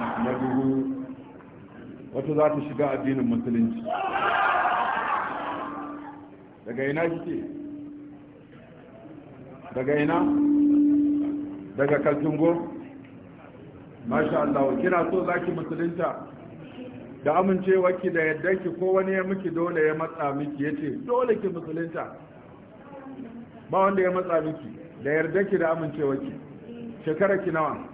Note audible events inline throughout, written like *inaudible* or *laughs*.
na duhu wata za ta shiga addinin musulunci daga ina kike daga ina daga kaltungo masha Allah kina so za ki musulunta da amincewarki da ki ko wani ya miki dole ya matsa miki ya ce, dole ki musulunta ba wanda ya matsa miki da ki da amincewarki shekara ki nawa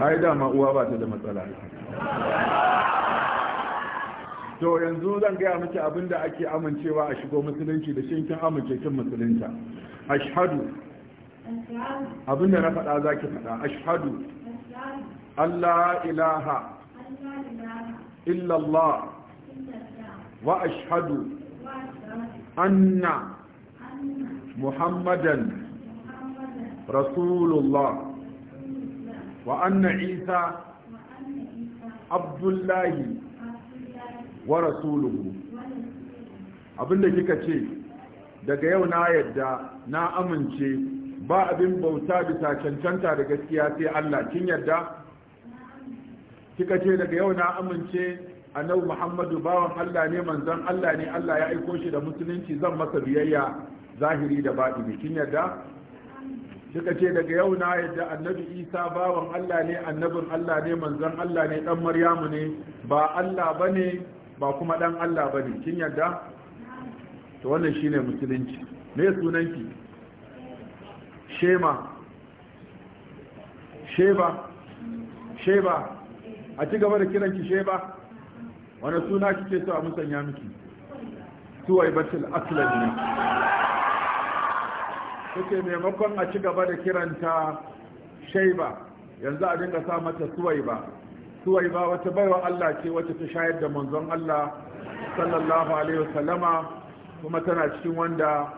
ai dama uwa ba ta da matsala to yanzu zan gaya miki abin da ake amincewa a shigo musulunci da shi kin amince kin musulunta ashhadu abin da na faɗa za ki faɗa ashhadu Allah ilaha illallah wa ashhadu anna muhammadan rasulullah وأن عيسى عبد الله ورسوله abinda kika ce daga yau na yadda na amince ba abin bauta bisa cancanta da gaskiya sai Allah kin yadda kika ce daga yau na amince annabi Muhammadu bawan Allah ne manzon Allah ne Allah ya aiko shi da musulunci zan masa biyayya zahiri da baɗini kin yadda suka ce daga yau na yadda annabi isa bawan allah ne annabin allah ne manzon allah ne dan maryamu ne ba allah ba ne ba kuma dan allah ba ne kin yadda to wannan shine musulunci me sunanki shema sheba sheba a ci gaba da kiranki sheba wani suna kike so a musanya miki suwai batul aslan ne take maimakon a ci gaba da kiranta shaiba yanzu a dinga sa mata suwaiba suwaiba wata baiwa Allah ce wacce ta shayar da manzon Allah sallallahu alaihi wasallama kuma tana cikin wanda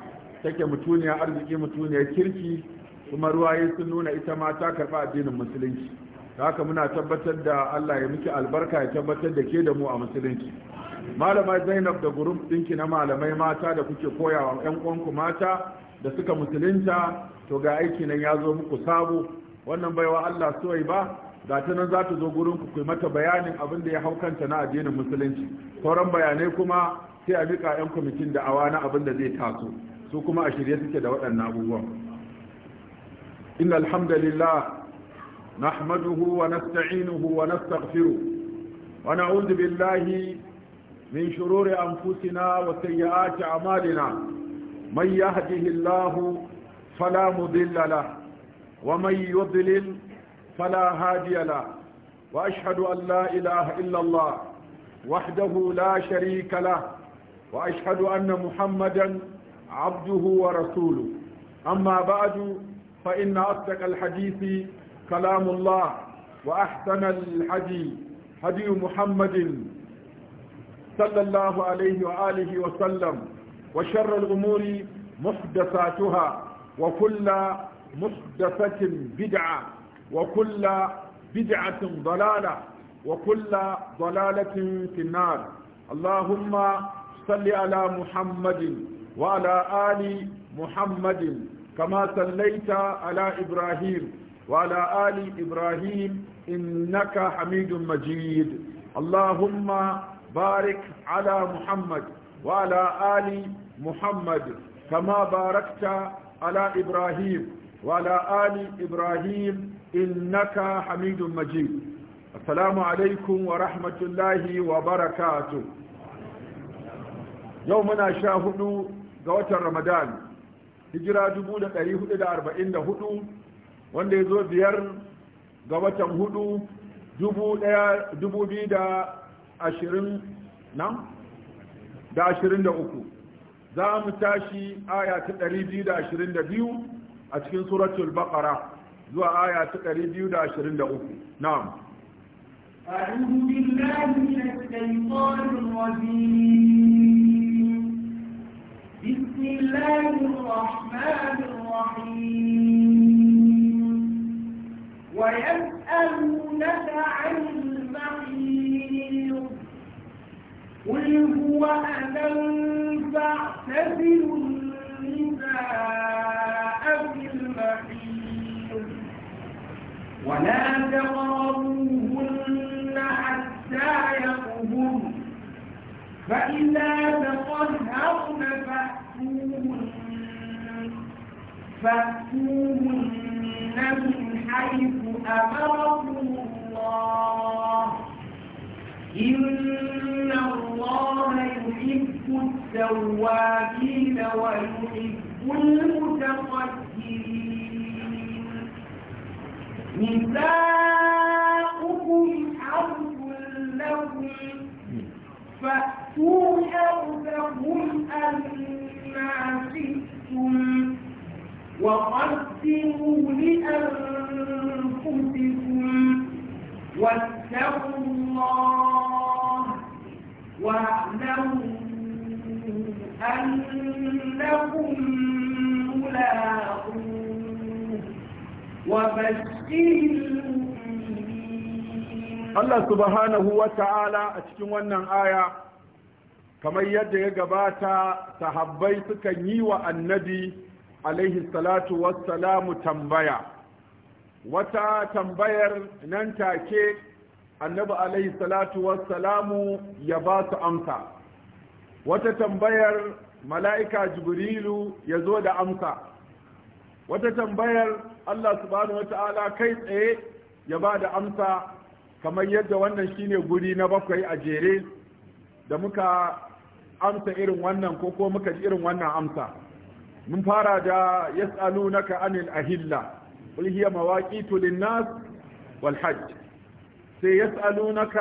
take mutuniya arziki mutuniya kirki kuma ruwaye sun nuna ita ma ta karba addinin musulunci haka muna tabbatar da Allah ya miki albarka ya tabbatar da ke da mu a musulunci malamai zainab da gurum dinki na malamai mata da kuke koyawa 'yan uwanku mata da suka musulunta to ga aiki nan ya zo muku sabo wannan baiwa allah suwai ba ga ta nan za ta zo gurin ku kai mata bayanin abin da ya haukanta na addinin musulunci sauran bayanai kuma sai a rika 'yan kwamitin da awa na abin da zai taso su kuma a shirye suke da waɗannan abubuwan inna alhamdulillah nahmaduhu wa nasta'inuhu wa nastaghfiruh na'udhu billahi من شرور أنفسنا وسيئات أعمالنا من يهده الله فلا مضل له ومن يضلل فلا هادي له وأشهد أن لا إله إلا الله وحده لا شريك له وأشهد أن محمدا عبده ورسوله أما بعد فإن أصدق الحديث كلام الله وأحسن الحدي هدي محمد صلى الله عليه وآله وسلم وشر الأمور محدثاتها وكل محدثة بدعة وكل بدعة ضلالة وكل ضلالة في النار اللهم صل على محمد وعلى آل محمد كما صليت على إبراهيم وعلى آل إبراهيم إنك حميد مجيد اللهم بارك على محمد وعلى آل محمد كما باركت على إبراهيم وعلى آل إبراهيم إنك حميد مجيد السلام عليكم ورحمة الله وبركاته يومنا شاهدوا قوة رمضان هجرة جبودة قريه إلى أربعين هدو wanda ya zo biyar ga watan hudu 20 نعم da 23 za mu tashi aya ta 222 a cikin suratul baqara zuwa aya ta 223 na'am أعوذ بالله من الشيطان الرجيم بسم الله الرحمن الرحيم ويسألونك عن قل هو أذى فاعتزلوا النساء في المحيط ولا تقربوهن حتى يطهرن فإذا تطهرن فأتوهن فأتوهن من حيث أمركم الله إن الله يحب التوابين ويحب المتطهرين نساؤكم حرث لكم فأتوا حرثكم أنا شئتم وقدموا لأنفسكم Allah subhanahu wa ta'ala a cikin wannan aya kamar yadda ya gabata sahabbai sukan yi wa annabi alaihi salatu wassalamu tambaya wata tambayar nan take annabi alaihi salatu wassalamu ya ba su amsa wata tambayar mala'ika jibrilu ya zo da amsa wata tambayar Allah subhanahu ta'ala kai tsaye ya ba da amsa kamar yadda wannan shine guri na bakwai a jere da muka amsa irin wannan ko ko muka ji irin wannan amsa mun fara da yas'alunaka anil ahilla قل هي مواقيت للناس والحج سيسألونك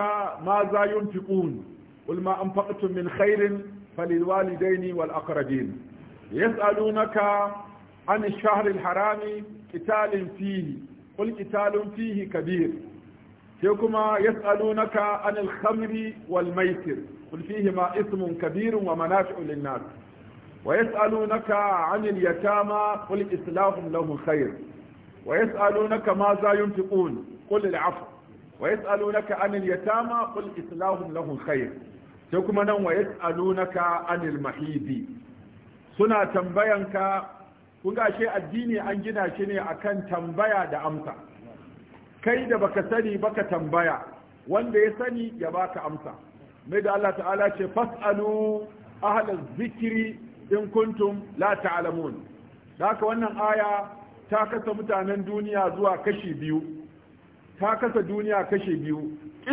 ماذا ينفقون قل ما أنفقتم من خير فللوالدين والأقربين يسألونك عن الشهر الحرام قتال فيه قل قتال فيه كبير سيكما يسألونك عن الخمر والميسر قل فيهما اسم كبير ومنافع للناس ويسألونك عن اليتامى قل إسلاف لهم خير ويسألونك ماذا ينفقون قل العفو ويسألونك عن اليتامى قل إسلام لهم خير تكما نم ويسألونك عن المحيد سنة تنبينك kunga ashe addini an gina shi ne akan tambaya da amsa kai da baka sani baka tambaya wanda ya sani ya baka amsa mai da Allah ta'ala ce fas'alu ahla zikri in kuntum la ta'lamun haka wannan aya ta kasa mutanen duniya zuwa kashi biyu ta kasa duniya kashi biyu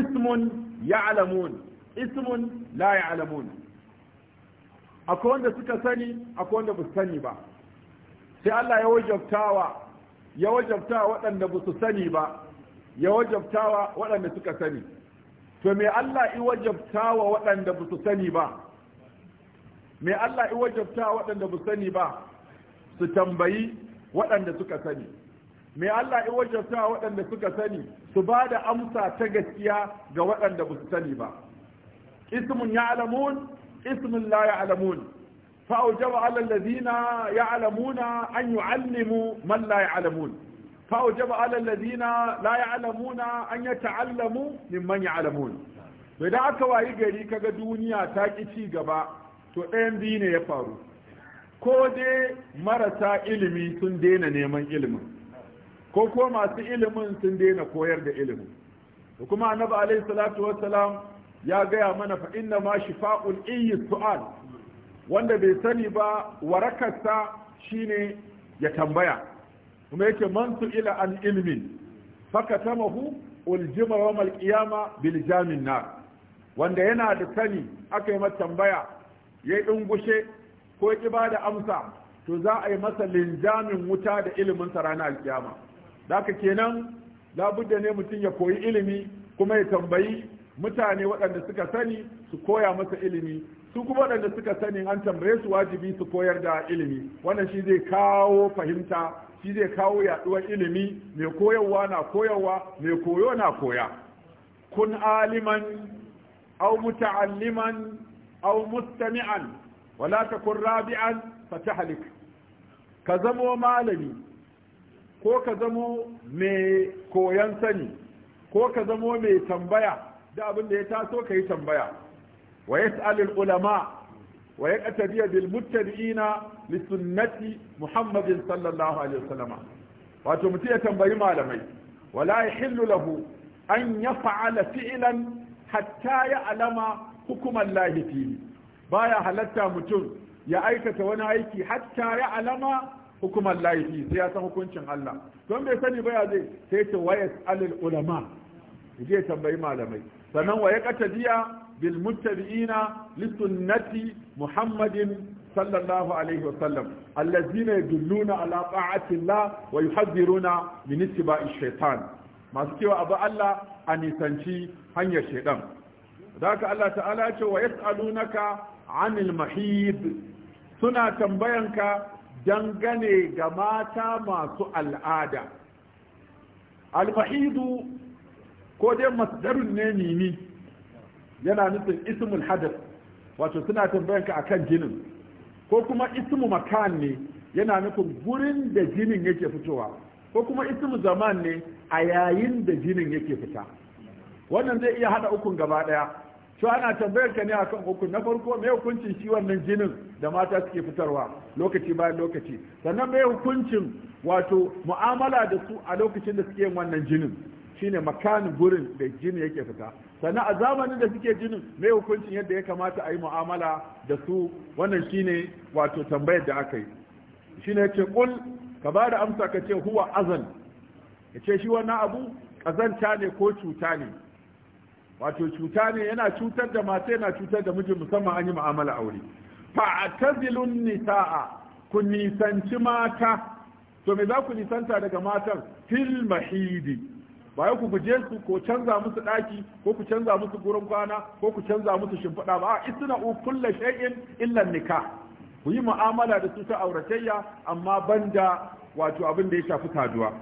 ismun ya'lamun ismun la ya'lamun akwai wanda suka sani akwai wanda ba sani ba sai Allah ya wajabtawa ya wajabtawa waɗanda ba su sani ba ya wajabtawa waɗanda suka sani to me Allah i wajabtawa waɗanda ba su sani ba me Allah i wajabtawa waɗanda ba su sani ba su tambayi waɗanda suka sani mai Allah ya wajabta waɗanda suka sani su ba da amsa ta gaskiya ga waɗanda ba su sani ba ismun ya alamun? ismun la ya'lamun fa awjaba 'ala ya alamuna an yi yu'allimu man la ya'lamun fa awjaba 'ala alladhina la alamuna an min man ya alamun? to da aka wayi gari kaga duniya ta ki ci gaba to ɗayan biyu ne ya faru ko dai marasa ilimi sun daina neman ilimin ko ko masu ilimin sun daina koyar da ilimin da kuma annabi alayhi salatu wassalam ya gaya mana fa inna ma shifa'ul iyyi su'al wanda bai sani ba warakarsa shine ya tambaya kuma yake man ila an ilmin fakatamahu uljima wa mal qiyama bil jamin nar wanda yana da sani aka yi tambaya yayi dungushe ko ki ba da amsa to za a yi masa linjamin wuta da ilimin sa ranar alkiyama haka kenan labudda ne mutum ya koyi ilimi kuma ya tambayi mutane waɗanda suka sani su koya masa ilimi su kuma waɗanda suka sani an tambaye su wajibi su koyar da ilimi wannan shi zai kawo fahimta shi zai kawo yaɗuwar ilimi mai koyarwa na koyarwa mai koyo na koya kun aliman au muta'alliman au mustami'an wala takun rabi'an fatahlik ka zamo malami ko ka zamo mai koyon sani ko ka zamo mai tambaya da abin da ya taso ka yi tambaya wa yas'alul ulama wa yaqtabi bil muttabi'ina li sunnati muhammadin sallallahu alaihi wato mutum ya tambayi malamai wala yahillu lahu an fa'ala fi'ilan hatta alama hukuman lahi fihi baya halatta mutum ya aikata wani aiki hatta ya alama hukumar laifi sai ya san hukuncin Allah don bai sani ba ya zai sai ta wayas alil ulama je tambayi malamai sannan wa ya qatadiya bil muttabi'ina li muhammadin sallallahu alaihi wasallam allazina yadulluna ala ta'ati Allah wa yuhadhiruna min ittiba'i shaytan masu cewa abu Allah a nisanci hanyar shaidan. da haka Allah ta'ala ce wa yas'alunaka anil mahid suna tambayanka dangane ga mata masu al'ada al-mahidu ko dai masdarun ne mimi yana nufin ismul hadath wato suna tambayanka akan jinin ko kuma ismu makan ne yana nufin gurin da jinin yake fitowa ko kuma ismu zaman ne a yayin da jinin yake fita wannan zai iya hada ukun gaba daya to ana tambayar ka ne akan uku na farko mai hukuncin shi wannan jinin da mata suke fitarwa lokaci bayan lokaci sannan me hukuncin wato mu'amala da su a lokacin da suke yin wannan jinin shine makanin gurin da jini yake fita sannan a zamanin da suke jinin mai hukuncin yadda ya kamata a yi mu'amala da su wannan shine wato tambayar da aka yi shine ce kul ka ba da amsa ka ce huwa azan ya ce shi wannan abu ƙazanta ne ko cuta ne wato cuta ne yana cutar da mata yana cutar da mijin, musamman an yi mu'amala aure fa'tazilun nisaa ku nisanci mata to me za ku nisanta daga matan fil mahidi ba ku guje su ko canza musu daki ko ku canza musu gurin kwana ko ku canza musu shimfiɗa ba isna u kullu shay'in illa nikah ku yi mu'amala da su ta auratayya amma banda wato abin da ya shafi saduwa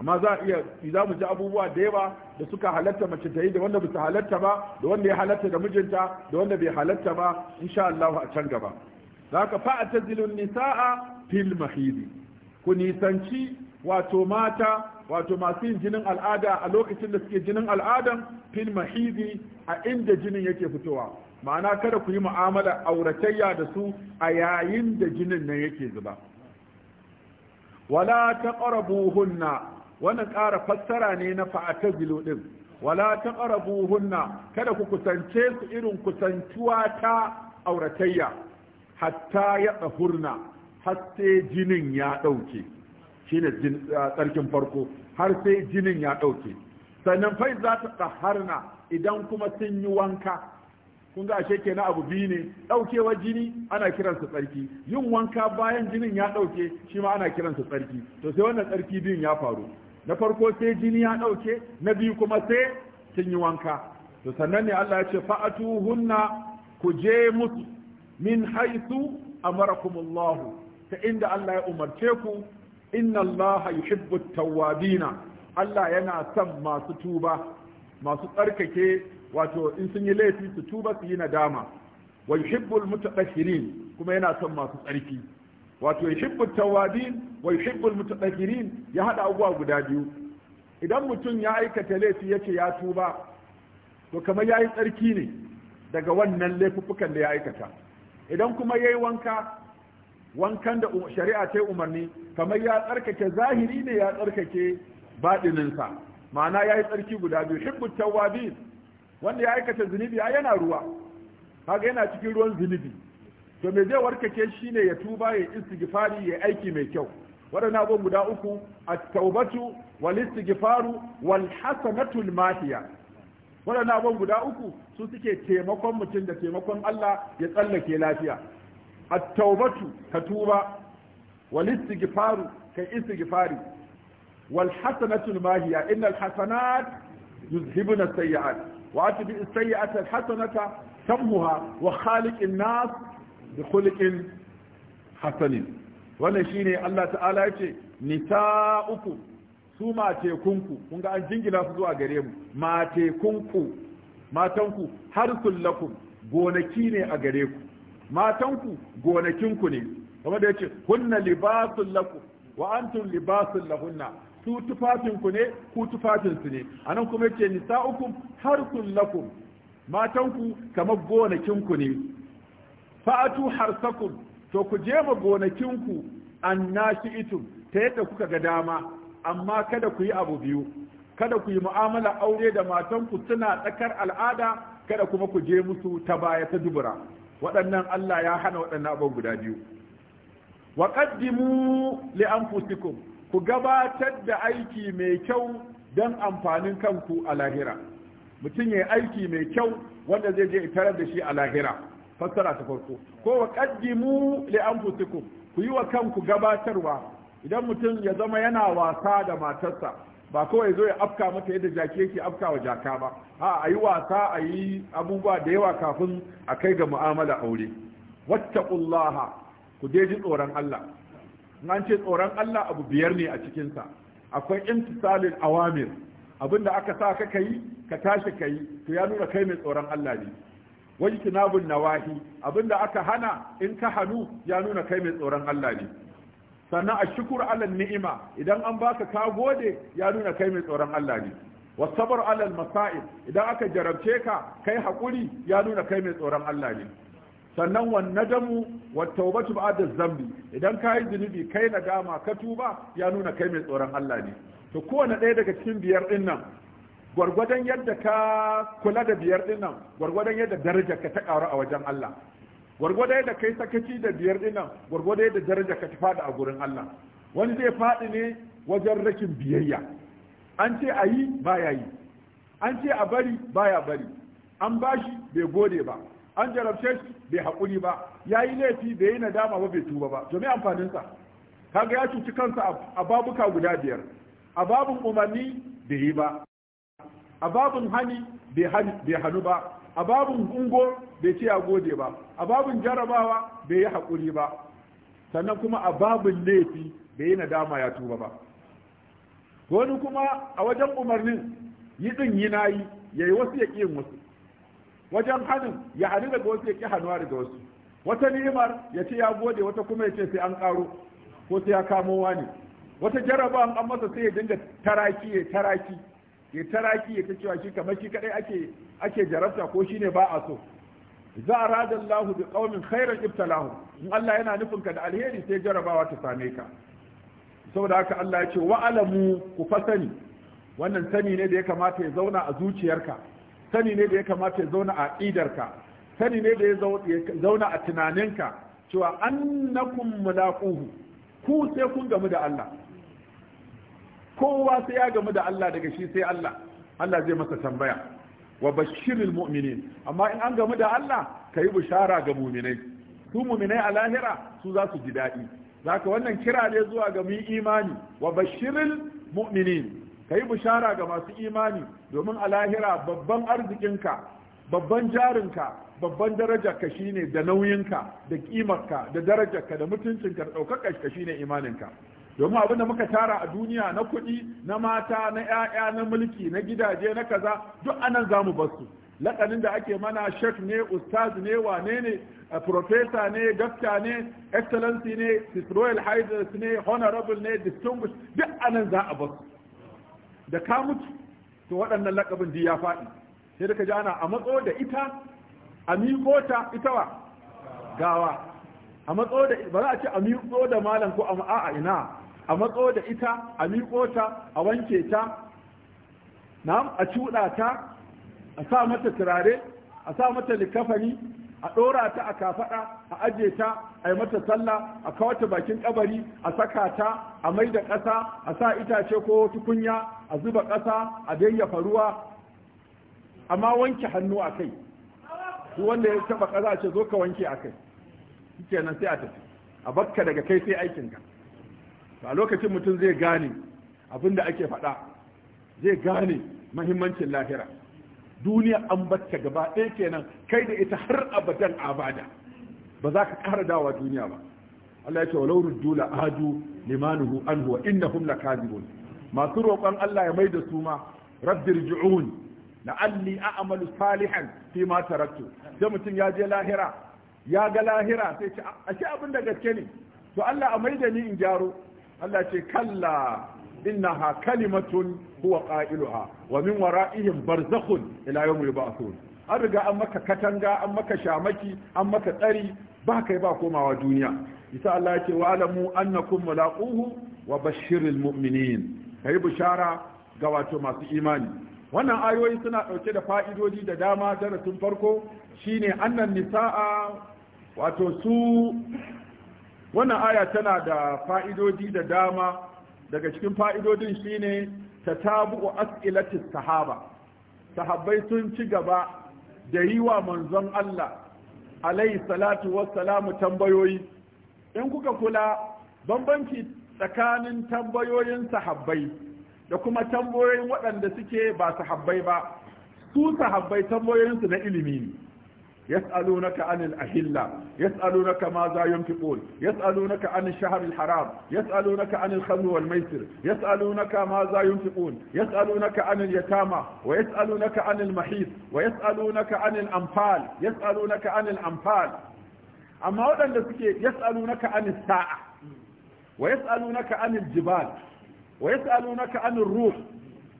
amma za a iya za mu ji abubuwa da yawa da suka halatta mace ta yi da wanda ba halatta ba da wanda ya halatta da mijinta da wanda bai halatta ba insha Allah a can gaba zaka ta zilun nisaa fil mahidi ku nisanci wato mata wato masu yin jinin al'ada a lokacin da suke jinin al'adan fil mahidi a inda jinin yake fitowa ma'ana kada ku yi mu'amala auratayya da su a yayin da jinin nan yake zuba wala ta taqrabuhunna wannan ƙara fassara ne na fa'atazilu din wala taqrabuhunna kada ku kusance su irin kusantuwa ta auratayya hatta ya tsahurna har sai jinin ya ɗauke shine tsarkin farko har sai jinin ya ɗauke sannan fai za ta tsaharna idan kuma sun yi wanka kun ga ashe kenan abu biyu ne ɗaukewar jini ana kiransa tsarki yin wanka bayan jinin ya ɗauke shi ma ana kiransa tsarki to sai wannan tsarki biyun ya faru na farko sai jini ya ɗauke na biyu kuma sai sun yi wanka to sannan ne Allah ya ce fa'atu hunna ku je musu min haisu amarakumullahu ta inda Allah ya umarce ku inna Allah yuhibbu tawwabina Allah yana son masu tuba masu tsarkake wato in sun yi laifi su tuba su yi nadama wa yuhibbul mutatahhirin kuma yana son masu tsarki wato yuhibbu tawabin wa yuhibbu mutadakirin ya hada abubuwa guda biyu idan mutum ya aikata laifi yace ya tuba to kamar yayi tsarki ne daga wannan laifukan da ya aikata idan kuma yayi wanka wankan da um-, shari'a ta umarni kamar ya tsarkake zahiri ne ya tsarkake baɗininsa ma'ana ya yi tsarki guda biyu hibbut tawabin wanda ya aikata zunubi a yana ruwa kaga yana cikin ruwan zunubi to me zai warkake shi ne ya tuba ya istighfari ya aiki mai kyau waɗannan abubuwan guda uku at-taubatu wal istighfaru wal hasanatu mahiya waɗannan abubuwan guda uku su suke taimakon mutum da taimakon Allah ya tsallake lafiya at-taubatu ka tuba wal istighfaru ka istighfari wal hasanatu mahiya innal hasanat yuzhibuna sayyi'at wa atbi as-sayyi'ata al-hasanata tamhuha wa khaliq nas bi khuliqin hasanin wannan shine Allah ta'ala yace nisa'ukum su matekunku kun ga an jingina su zuwa gare mu matekunku matanku har kullakum gonaki ne a gare ku matanku gonakinku ne kuma da yace kunna libasul lakum wa antum libasul lahunna su tufafinku ne ku tufafinsu ne anan kuma yace nisa'ukum harkun lakum matanku kamar gonakinku ne fa'atu harsakum to ku je ma gonakinku an itun ta yadda kuka ga dama amma kada ku yi abu biyu kada ku yi mu'amala aure da matanku suna tsakar al'ada kada kuma ku je musu ta baya ta dubura waɗannan Allah ya hana waɗannan abubuwa guda biyu wa qaddimu li anfusikum ku gabatar da aiki mai kyau don amfanin kanku a lahira mutum yayi aiki mai kyau wanda zai je tarar da shi a lahira fassara ta farko ko wa qaddimu li anfusikum ku yi wa kanku gabatarwa idan mutum ya zama yana wasa da matarsa ba kawai zo ya afka mata yadda jaki yake afka wa jaka ba a ayi wasa ayi abubuwa da yawa kafin a kai ga mu'amala aure wattaqullaha ku je ji tsoron Allah an ce tsoron Allah abu biyar ne a cikin sa akwai imtisalil awamir abinda aka sa ka kai ka tashi kai to ya nuna kai mai tsoron Allah ne wajtinabun nawahi abinda aka hana in ka hanu ya nuna kai mai tsoron Allah ne sannan a shukur alal ni'ima idan an baka ka gode ya nuna kai mai tsoron Allah ne wasabar alal masa'ib idan aka jarabce ka kai hakuri ya nuna kai mai tsoron Allah ne sannan wa nadamu wat tawbatu ba'da zambi idan yi zunubi kai nadama ka tuba ya nuna kai mai tsoron Allah ne to kowane ɗaya daga cikin biyar ɗin nan gwargwadon yadda ka kula da biyar dinnan gwargwadon yadda daraja ka ta karu a wajen Allah gwargwadon yadda kai sakaci da biyar dinnan gwargwadon yadda daraja ka ta fada a gurin Allah wani zai fadi ne wajen rakin biyayya an ce a yi baya yi an ce a bari baya bari an bashi bai gode ba an jarabce shi bai haƙuri ba ya yi laifi bai yi nadama ba bai tuba ba to me amfaninsa kaga ya cuci kansa a babuka guda biyar a babun umarni bai yi ba a babin hani bai hannu ba a babin ungo bai ce ya gode ba a babin jarabawa bai yi haƙuri ba sannan kuma a babin laifi bai yi nadama ya tuba ba wani kuma a wajen umarnin yi ɗin yi na yi ya yi wasu ya ƙi yin wasu wajen hannun ya hannu daga wasu ya ƙi hannuwa daga wasu wata ni'imar ya ce ya gode wata kuma ya ce sai an ƙaro ko sai ya kamo wani wata jarabawan an masa sai ya dinga taraki ya taraki ya taraki ya ta cewa shi kamar shi kadai ake ake jarabta ko shine ba a so za arada Allah bi qaumin khairan ibtalahu in Allah yana nufin ka da alheri sai jarabawa ta same ka saboda haka Allah ya ce wa alamu ku fasani wannan sani ne da ya kamata ya zauna a zuciyarka sani ne da ya kamata ya zauna a idarka, sani ne da ya zauna a tunaninka cewa annakum mulaquhu ku sai kun gamu da Allah kowa sai ya gamu da Allah daga shi sai Allah Allah zai masa tambaya wa bashirul mu'minin amma in an gamu da Allah ka yi bishara ga mu'minai su mu'minai a lahira su za su ji daɗi zaka wannan kira ne zuwa ga mu imani wa bashiril mu'minin ka yi bishara ga masu imani domin a lahira babban arzikinka babban jarinka babban darajarka shine da nauyinka da kimarka da darajarka da mutuncinka da ɗaukakarka shine imaninka domin abin da muka tara a duniya na kuɗi na mata na 'ya'ya na mulki na gidaje na kaza duk anan za mu basu lakanin da ake mana shek ne ustaz ne wane ne profesa ne dokta ne excellency ne his royal highness ne honorable ne distinguished duk anan za a basu da ka mutu to waɗannan lakabin di ya faɗi sai da ka ji ana a matso da ita a miƙo ta ita wa gawa a matso da ba za a ce a miƙo da malam ko a a'a ina a matso da ita a miƙota, a wanke ta na'am a cuɗa ta a sa mata turare a sa mata likafani a ɗora ta a kafaɗa a aje ta a yi mata sallah a kawata bakin ƙabari, a saka ta a mai da ƙasa a sa itace ko tukunya a zuba ƙasa a dayyafa ruwa amma wanke hannu a kai duk wanda ya taɓa ƙasa ce zo ka wanke a kai kenan sai a tafi a bakka daga kai sai aikinka a lokacin mutum zai gane abin da ake faɗa zai gane mahimmancin lahira duniya an batta gaba ɗaya kenan kai da ita har abadan abada ba za ka ƙara dawa duniya ba Allah ya ce walau ruddu la adu limanuhu anhu wa innahum lakazibun masu roƙon Allah ya maida su ma rabbirji'un la'alli a'malu salihan fi ma taraktu sai mutum ya je lahira ya ga lahira sai ce ashe abin da gaske ne to Allah a maida ni in gyaro Allah ce kalla innaha kalimatun huwa qailuha wa min wara'ihim barzakhun ila yawm yub'athun an riga an maka katanga an maka shamaki an maka tsari ba kai ba komawa duniya isa Allah ya ce wa alamu annakum mulaquhu wa bashiril mu'minin kai bishara ga wato masu imani wannan ayoyi suna dauke da fa'idodi da dama darasin farko shine annan nisaa wato su wannan aya tana da fa'idodi da dama daga cikin fa'idodin shi ne ta tabu'u as'ilatis sahaba sahabbai sun ci gaba da yi wa manzon Allah alayhi salatu salamu tambayoyi in kuka kula bambanci tsakanin tambayoyin sahabbai da kuma tambayoyin waɗanda suke ba sahabbai ba su sahabbai tambayoyinsu na ilimi ne يسألونك عن الأهلة يسألونك ماذا ينفقون يسألونك عن الشهر الحرام يسألونك عن الخمر والميسر يسألونك ماذا ينفقون يسألونك عن اليتامى ويسألونك عن المحيط ويسألونك عن الأنفال يسألونك عن الأنفال أما أولا يسألونك عن الساعة ويسألونك عن الجبال ويسألونك عن الروح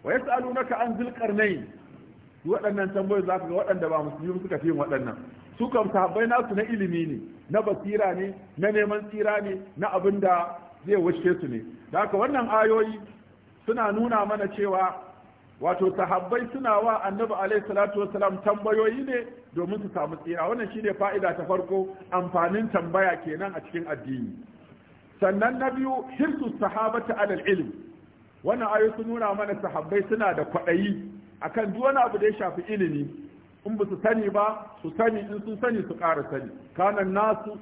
ويسألونك عن ذي القرنين waɗannan tambayoyi za ka ga waɗanda ba musulmi suka fi yin waɗannan su kam sahabbai nasu na ilimi ne na basira ne na neman tsira ne na abin da zai wuce su ne da haka wannan ayoyi suna nuna mana cewa wato sahabbai suna wa annabi alaihi salatu wasalam tambayoyi ne domin su samu tsira wannan shine fa'ida ta farko amfanin tambaya kenan a cikin addini sannan na biyu hirsu sahabata alal ilm wannan ayoyi sun nuna mana sahabbai suna da kwaɗayi akan duk wani abu da ya shafi ilimi in ba su sani ba su sani in sun sani su ƙara sani kanan nasu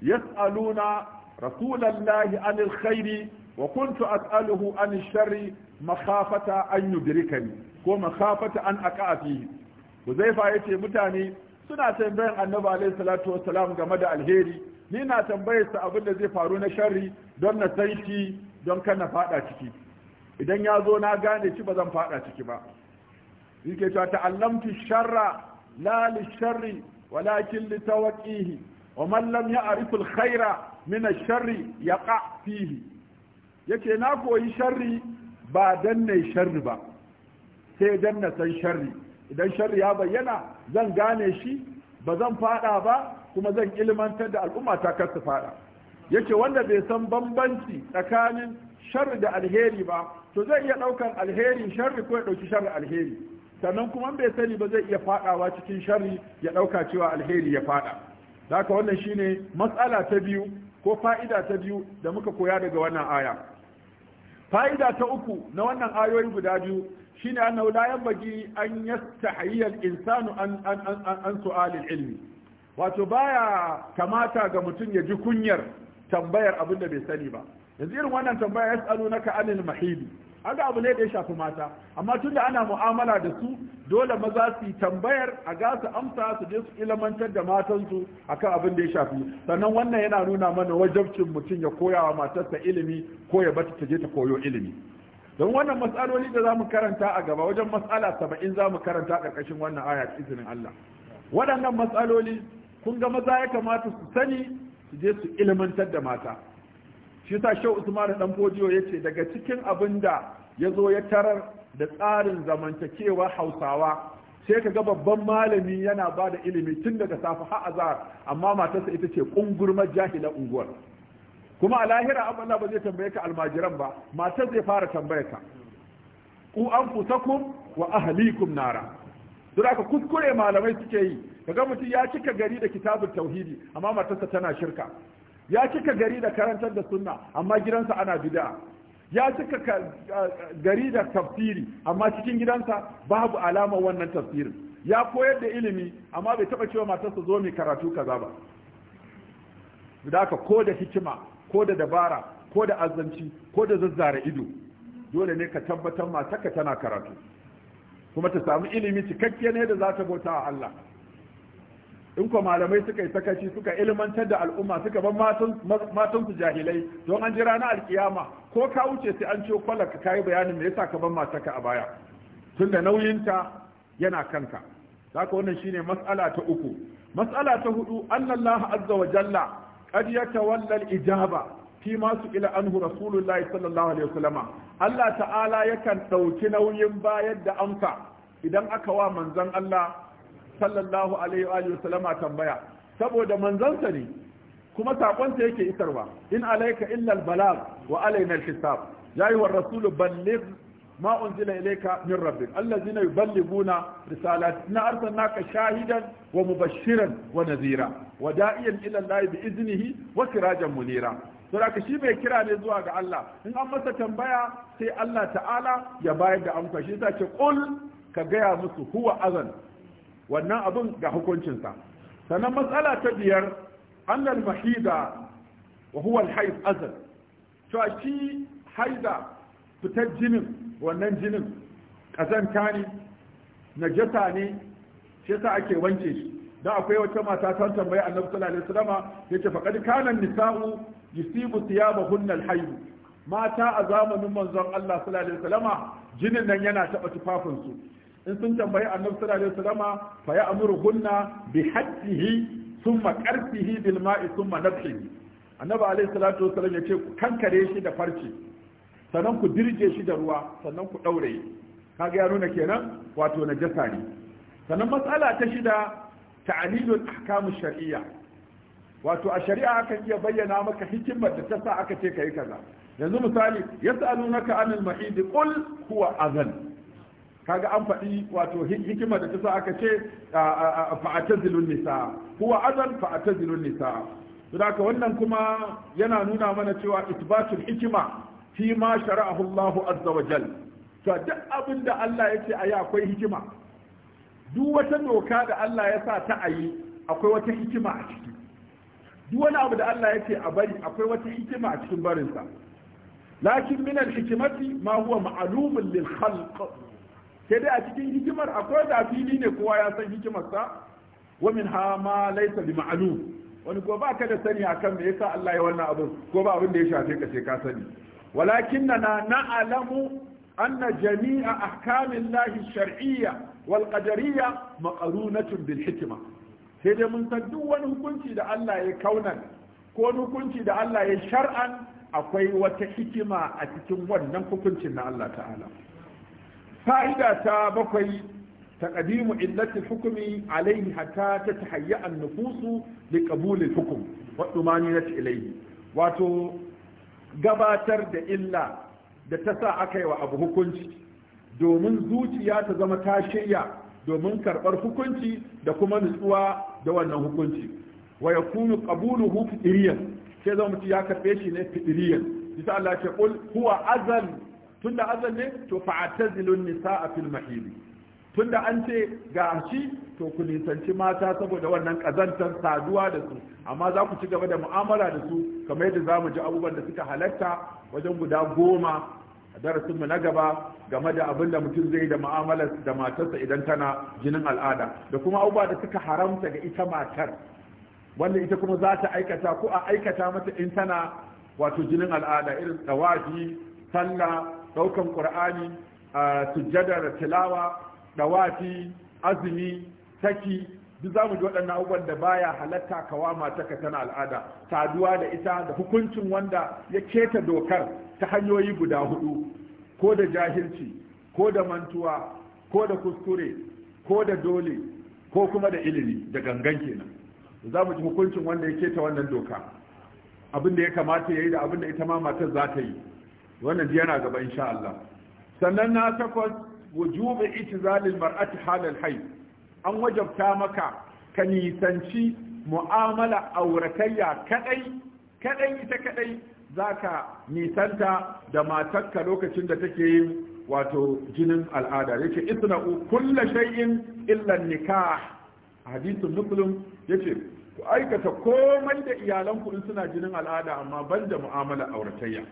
yas'aluna rasulallahi anil khairi wa kuntu as'aluhu anil sharri makhafata an yudrikani ko makhafata an aqa'a fihi Huzaifa yace mutane suna tambayan Annabi alaihi salatu wassalam game da alheri ni na tambayar su abin da zai faru na sharri don na sai don kana fada ciki idan ya zo na gane shi ba zan fada ciki ba yake cewa ta'allamtu sharra la sharri walakin litawqihi wa man lam ya'rif alkhaira min asharri yaqa fihi yake na koyi sharri ba danne sharri ba sai dan na san sharri idan sharri ya bayyana zan gane shi ba zan fada ba kuma zan ilmantar da al'umma ta kar su fada yake wanda bai san bambanci tsakanin sharri da alheri ba to zai iya daukan alheri sharri ko ya dauki sharri alheri sannan kuma bai sani ba zai iya fadawa cikin sharri ya dauka cewa alheri ya fada haka wannan shine matsala ta biyu ko fa'ida ta biyu da muka koya daga wannan aya fa'ida ta uku na wannan ayoyi guda biyu shine annahu la yanbaghi an yastahiya al-insanu an an an an su'al al-ilmi wato baya kamata ga mutum ya ji kunyar tambayar abin da bai sani ba yanzu irin wannan tambaya yas'alunaka anil mahidi aga abu ne da ya shafi mata amma tunda ana mu'amala da su dole maza su tambayar a ga su amsa su je su ilmantar da matansu akan abin da ya shafi sannan wannan yana nuna mana wajabcin mutum ya koya wa matarsa ilimi ko ya bata ta je ta koyo ilimi don wannan matsaloli da zamu karanta a gaba wajen matsala saba'in zamu karanta karkashin wannan aya izinin Allah waɗannan matsaloli kun ga maza ya kamata su sani su je su ilmantar da mata shi sa usman usman dan ya ce daga cikin abin da ya zo ya tarar da tsarin zamantakewa hausawa sai ka babban malami yana ba da ilimi tun daga safi har amma matarsa ita ce kungurmar jahila unguwar kuma a lahira Allah ba zai tambaye ka almajiran ba matar zai fara tambaye ka ku anfusakum wa ahlikum nara dura ka kuskure malamai suke yi kaga mutum ya cika gari da kitabun tauhidi amma matarsa tana shirka ya cika gari da karantar da sunna amma gidansa ana bid'a ya cika gari da tafsiri amma cikin gidansa babu alama wannan tafsirin ya koyar da ilimi amma bai taba cewa matarsa zo mai karatu kaza ba da ko da hikima ko da dabara ko da azanci ko da zazzara ido dole ne ka tabbatar matarka tana karatu kuma ta samu ilimi cikakke ne da za ta bauta wa Allah in ko malamai suka yi sakaci suka ilmantar da al'umma suka ban matan su jahilai don an ji ranar alkiyama ko ka wuce sai an ciwo kwala ka kayi bayanin me yasa ka ban ka a baya Tun tunda nauyinta yana kanka haka wannan shine mas'ala ta uku mas'ala ta hudu annallahu azza wa jalla qad yatawalla al-ijaba fi ma ila anhu rasulullahi sallallahu alaihi wasallama Allah ta'ala yakan dauki nauyin bayar da amsa idan aka wa manzon Allah sallallahu alaihi wa sallama tambaya saboda manzansa ne kuma sakonsa yake isarwa in alayka illa albalag wa alaina alhisab ya yi wa rasulu balligh ma unzila ilayka min rabbik allazina yuballighuna na arsalnaka shahidan wa mubashiran wa nadhira wa da'iyan ila allahi bi iznihi wa sirajan munira saboda shi bai kira ne zuwa ga Allah in an masa tambaya sai Allah ta'ala ya bayar da amsa shi Sace ce qul ka gaya musu huwa azan wannan abin ga hukuncinsa sannan matsala ta biyar annal mahida wa huwa alhaid azal to shi haida fitar jinin wannan jinin kazanta ne najasa ne shi yasa ake wanke shi da akwai wata mata ta tambayi annabi sallallahu alaihi wasallam yace faqad kana nisa'u yusibu thiyabahunna alhayd mata a zamanin manzon Allah sallallahu alaihi wasallam jinin nan yana taba tufafin su in sun tambayi annabi sallallahu alaihi wasallam fa hunna bi hajjihi thumma qarfihi bil ma'i thumma nadhihi annabi alaihi salatu wasallam yace ku kankare shi da farce sannan ku dirje shi da ruwa sannan ku daure kaga ya nuna kenan wato najasa ne sannan matsala ta shida ta'lilul ahkamu shar'iyya wato a shari'a akan iya bayyana maka hikimar da ta sa aka ce kai kaza yanzu misali yas'alunaka anil mahid qul huwa azan kaga an faɗi wato hikima da ta sa aka ce fa'atazilun nisa huwa adan fa'atazilun nisa ka wannan kuma yana nuna mana cewa isbatul hikima fi ma shara'ahu Allahu azza wa jal to duk abin da Allah ya ce ayi akwai hikima duk wata doka da Allah ya sa ta ayi akwai wata hikima a ciki duk wani abu da Allah ya ce a bari akwai wata hikima a cikin barinsa lakin minal hikimati ma huwa ma'lumun lil khalq sai dai a cikin hikimar akwai da fili ne kowa ya san hikimarsa wa min ha ma laysa bi ma'lum wani ko ba ka da sani akan me yasa Allah ya wannan abin ko ba abin da ya shafe ka sai ka sani walakinna na'lamu anna jami'a lahi shar'iyya wal qadariyya maqarunatun bil hikma sai dai mun san duk wani hukunci da Allah ya kaunar, ko wani hukunci da Allah ya shar'an akwai wata hikima a cikin wannan hukuncin na Allah ta'ala fa'ida ta bakwai taqdimu illati hukumi alayhi hatta tatahayya an-nufusu liqabul al-hukm wa tumaninati ilayhi wato gabatar da illa da ta sa aka yi wa abu hukunci domin zuciya ta zama ta shirya domin karɓar hukunci da kuma nutsuwa da wannan hukunci wa ya kunu ƙabuluhu fidiriyan sai zama mutum ya karɓe shi ne fidiriyan bisa Allah ce ƙul huwa azal tunda azan ne to fa'tazilun nisaa fil Tun tunda an ce ga shi to ku nisanci mata saboda wannan kazantar saduwa da su amma za ku ci gaba da mu'amala da su kamar yadda za mu ji abubuwan da suka halatta wajen guda goma a mu na gaba game da abin da mutum zai da mu'amala da matarsa idan tana jinin al'ada da kuma abubuwa da suka haramta ga ita matar wanda ita kuma za ta aikata ko a aikata mata in tana wato jinin al'ada irin tsawafi sallah daukan qur'ani sujjada da tilawa dawati azumi saki duk zamu ji waɗannan abubuwan da baya halatta kawa ka tana al'ada saduwa da ita da hukuncin wanda ya keta dokar ta hanyoyi guda hudu ko da jahilci ko da mantuwa ko da kuskure ko da dole ko kuma da ilimi da gangan kenan za mu ji hukuncin wanda ya keta wannan doka abin da ya kamata ya yi da abin da ita ma matar za ta yi wannan ji yana gaba insha Allah sannan na takwas wujubi itizalil mar'ati halal hayy an wajabta maka ka nisanci mu'amala auratayya kadai kadai ita kadai zaka nisanta da matarka lokacin da take yin wato jinin al'ada yake isna'u kullu shay'in illa nikah hadithu muslim yace ku aikata komai da iyalanku in suna jinin al'ada amma ban da mu'amala auratayya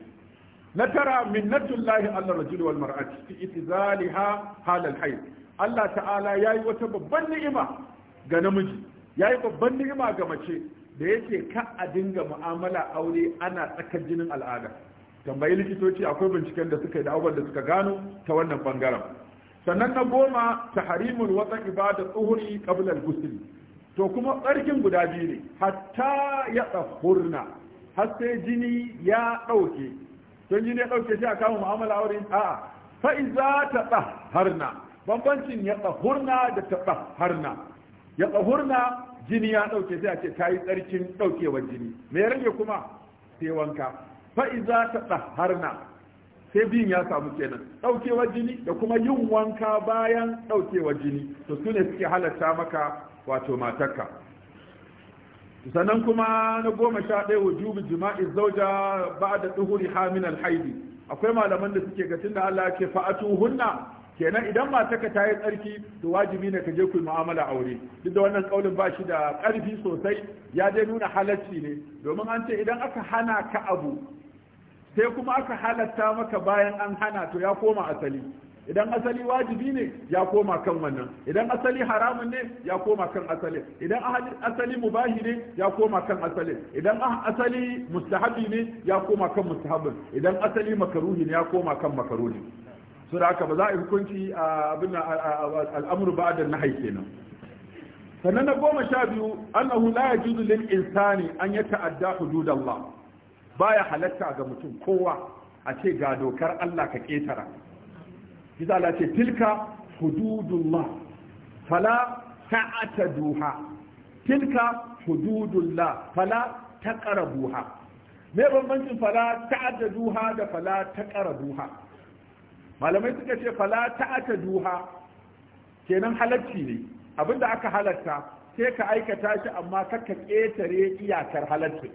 na tara minnatullahi Allah rajul wal mar'ati fi itizaliha halal hayy Allah ta'ala yayi wata babban ni'ima ga namiji yayi babban ni'ima ga mace da yake ka a dinga mu'amala aure ana tsakar jinin al'ada tambayi likitoci akwai binciken da suka yi da abubuwan da suka gano ta wannan bangaren sannan na goma tahrimul wata ibada tsuhuri qabla al-ghusl to kuma tsarkin guda biyu ne hatta ya tsahurna har sai jini ya dauke don yi ne ɗauke shi a kama mu'amala wurin, a'a fa iza ta harna. bambancin ya tsahurna da ta harna. ya tsahurna jini ya ɗauke sai a ce ta yi tsarkin ɗaukewar jini me rage kuma sai wanka fa iza ta harna, sai biyun ya samu kenan ɗaukewar jini da kuma yin wanka bayan ɗaukewar jini to su ne suke halatta maka wato matarka sannan kuma na goma sha ɗaya jubi jima'i zauja ba da duhuri hamin alhaidi akwai malaman da suke gatin da Allah ke fa'atu hunna kenan idan mataka ta yi tsarki to wajibi ne ka je ku mu'amala aure duk da wannan kaulin ba shi da ƙarfi sosai ya dai nuna halacci ne domin an ce idan aka hana ka abu sai kuma aka halatta maka bayan an hana to ya koma asali idan asali wajibi ne ya koma kan wannan idan asali haramun ne ya koma kan asali idan asali mubahi ne ya koma kan asali idan ah, asali mustahabi ne ya koma kan mustahabin idan asali makaruhi ne ya koma kan makaruhi su da haka ba za a yi hukunci a abin al'amuru ba da nahai kenan sannan na goma sha biyu annahu la yajuzu lil insani an yata'adda hududallah baya halatta ga mutum kowa a ce ga dokar Allah ka ketara bisa Allah ce tilka hududullah fala ta'taduha tilka hududullah fala taqrabuha me bambancin fala ta'taduha da fala taqrabuha malamai suka ce fala ta'taduha kenan halacci ne abinda aka halatta sai ka aikata shi amma ka ƙetare iyakar halaccin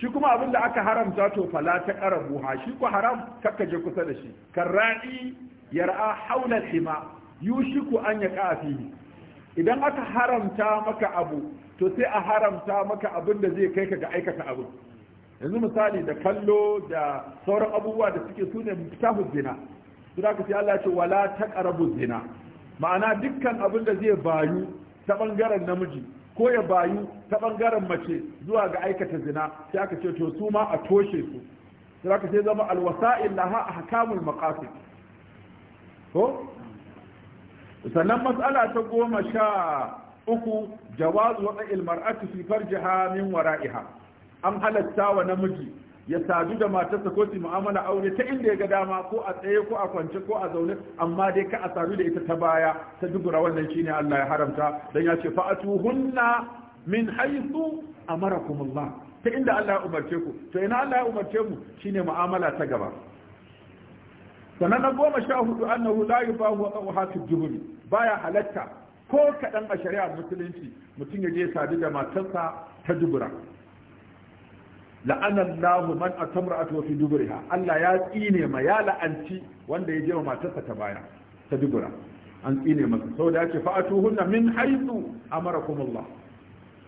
shi kuma abin da aka haramta to fala ta karabu ha shi ku haram kakka je kusa da shi karra'i yar'a haula al-hima yushiku an ya kafi idan aka haramta maka abu to sai a haramta maka abin da zai kai ka ga aikata abu yanzu misali da kallo da sauran abubuwa da suke sune mutahu zina su da sai Allah ya ce wala ta ƙarabu zina ma'ana dukkan abin da zai bayu ta bangaren namiji ko ya bayu ta ɓangaren mace zuwa ga aikata zina sai aka ce to su ma a toshe su sai aka ce zama alwasa'il laha ahkamul maqasid ko sannan mas'ala ta goma sha uku jawazu wada'il mar'ati fi farjiha min wara'iha an halatta wa namiji ya sadu da matarsa ko su mu'amala aure ta inda ya ga dama ko a tsaye ko a kwance ko a zaune amma dai ka a sadu da ita ta baya ta dubura wannan shine Allah ya haramta dan ya ce hunna min haythu amarakum Allah ta inda Allah ya umarce ku to ina Allah ya umarce mu shine mu'amala ta gaba sanan na goma sha hudu annahu la yubahu wa hatu juhul baya halatta ko kadan a shari'ar musulunci mutum ya je sadu da matarsa ta dubura la'ana Allahu man atamra'atu wa fi duburiha Allah ya tsine ma ya la'anci wanda ya je wa matarsa ta baya ta dubura an tsine masa saboda yake fa'atuhunna min haythu amarakum Allah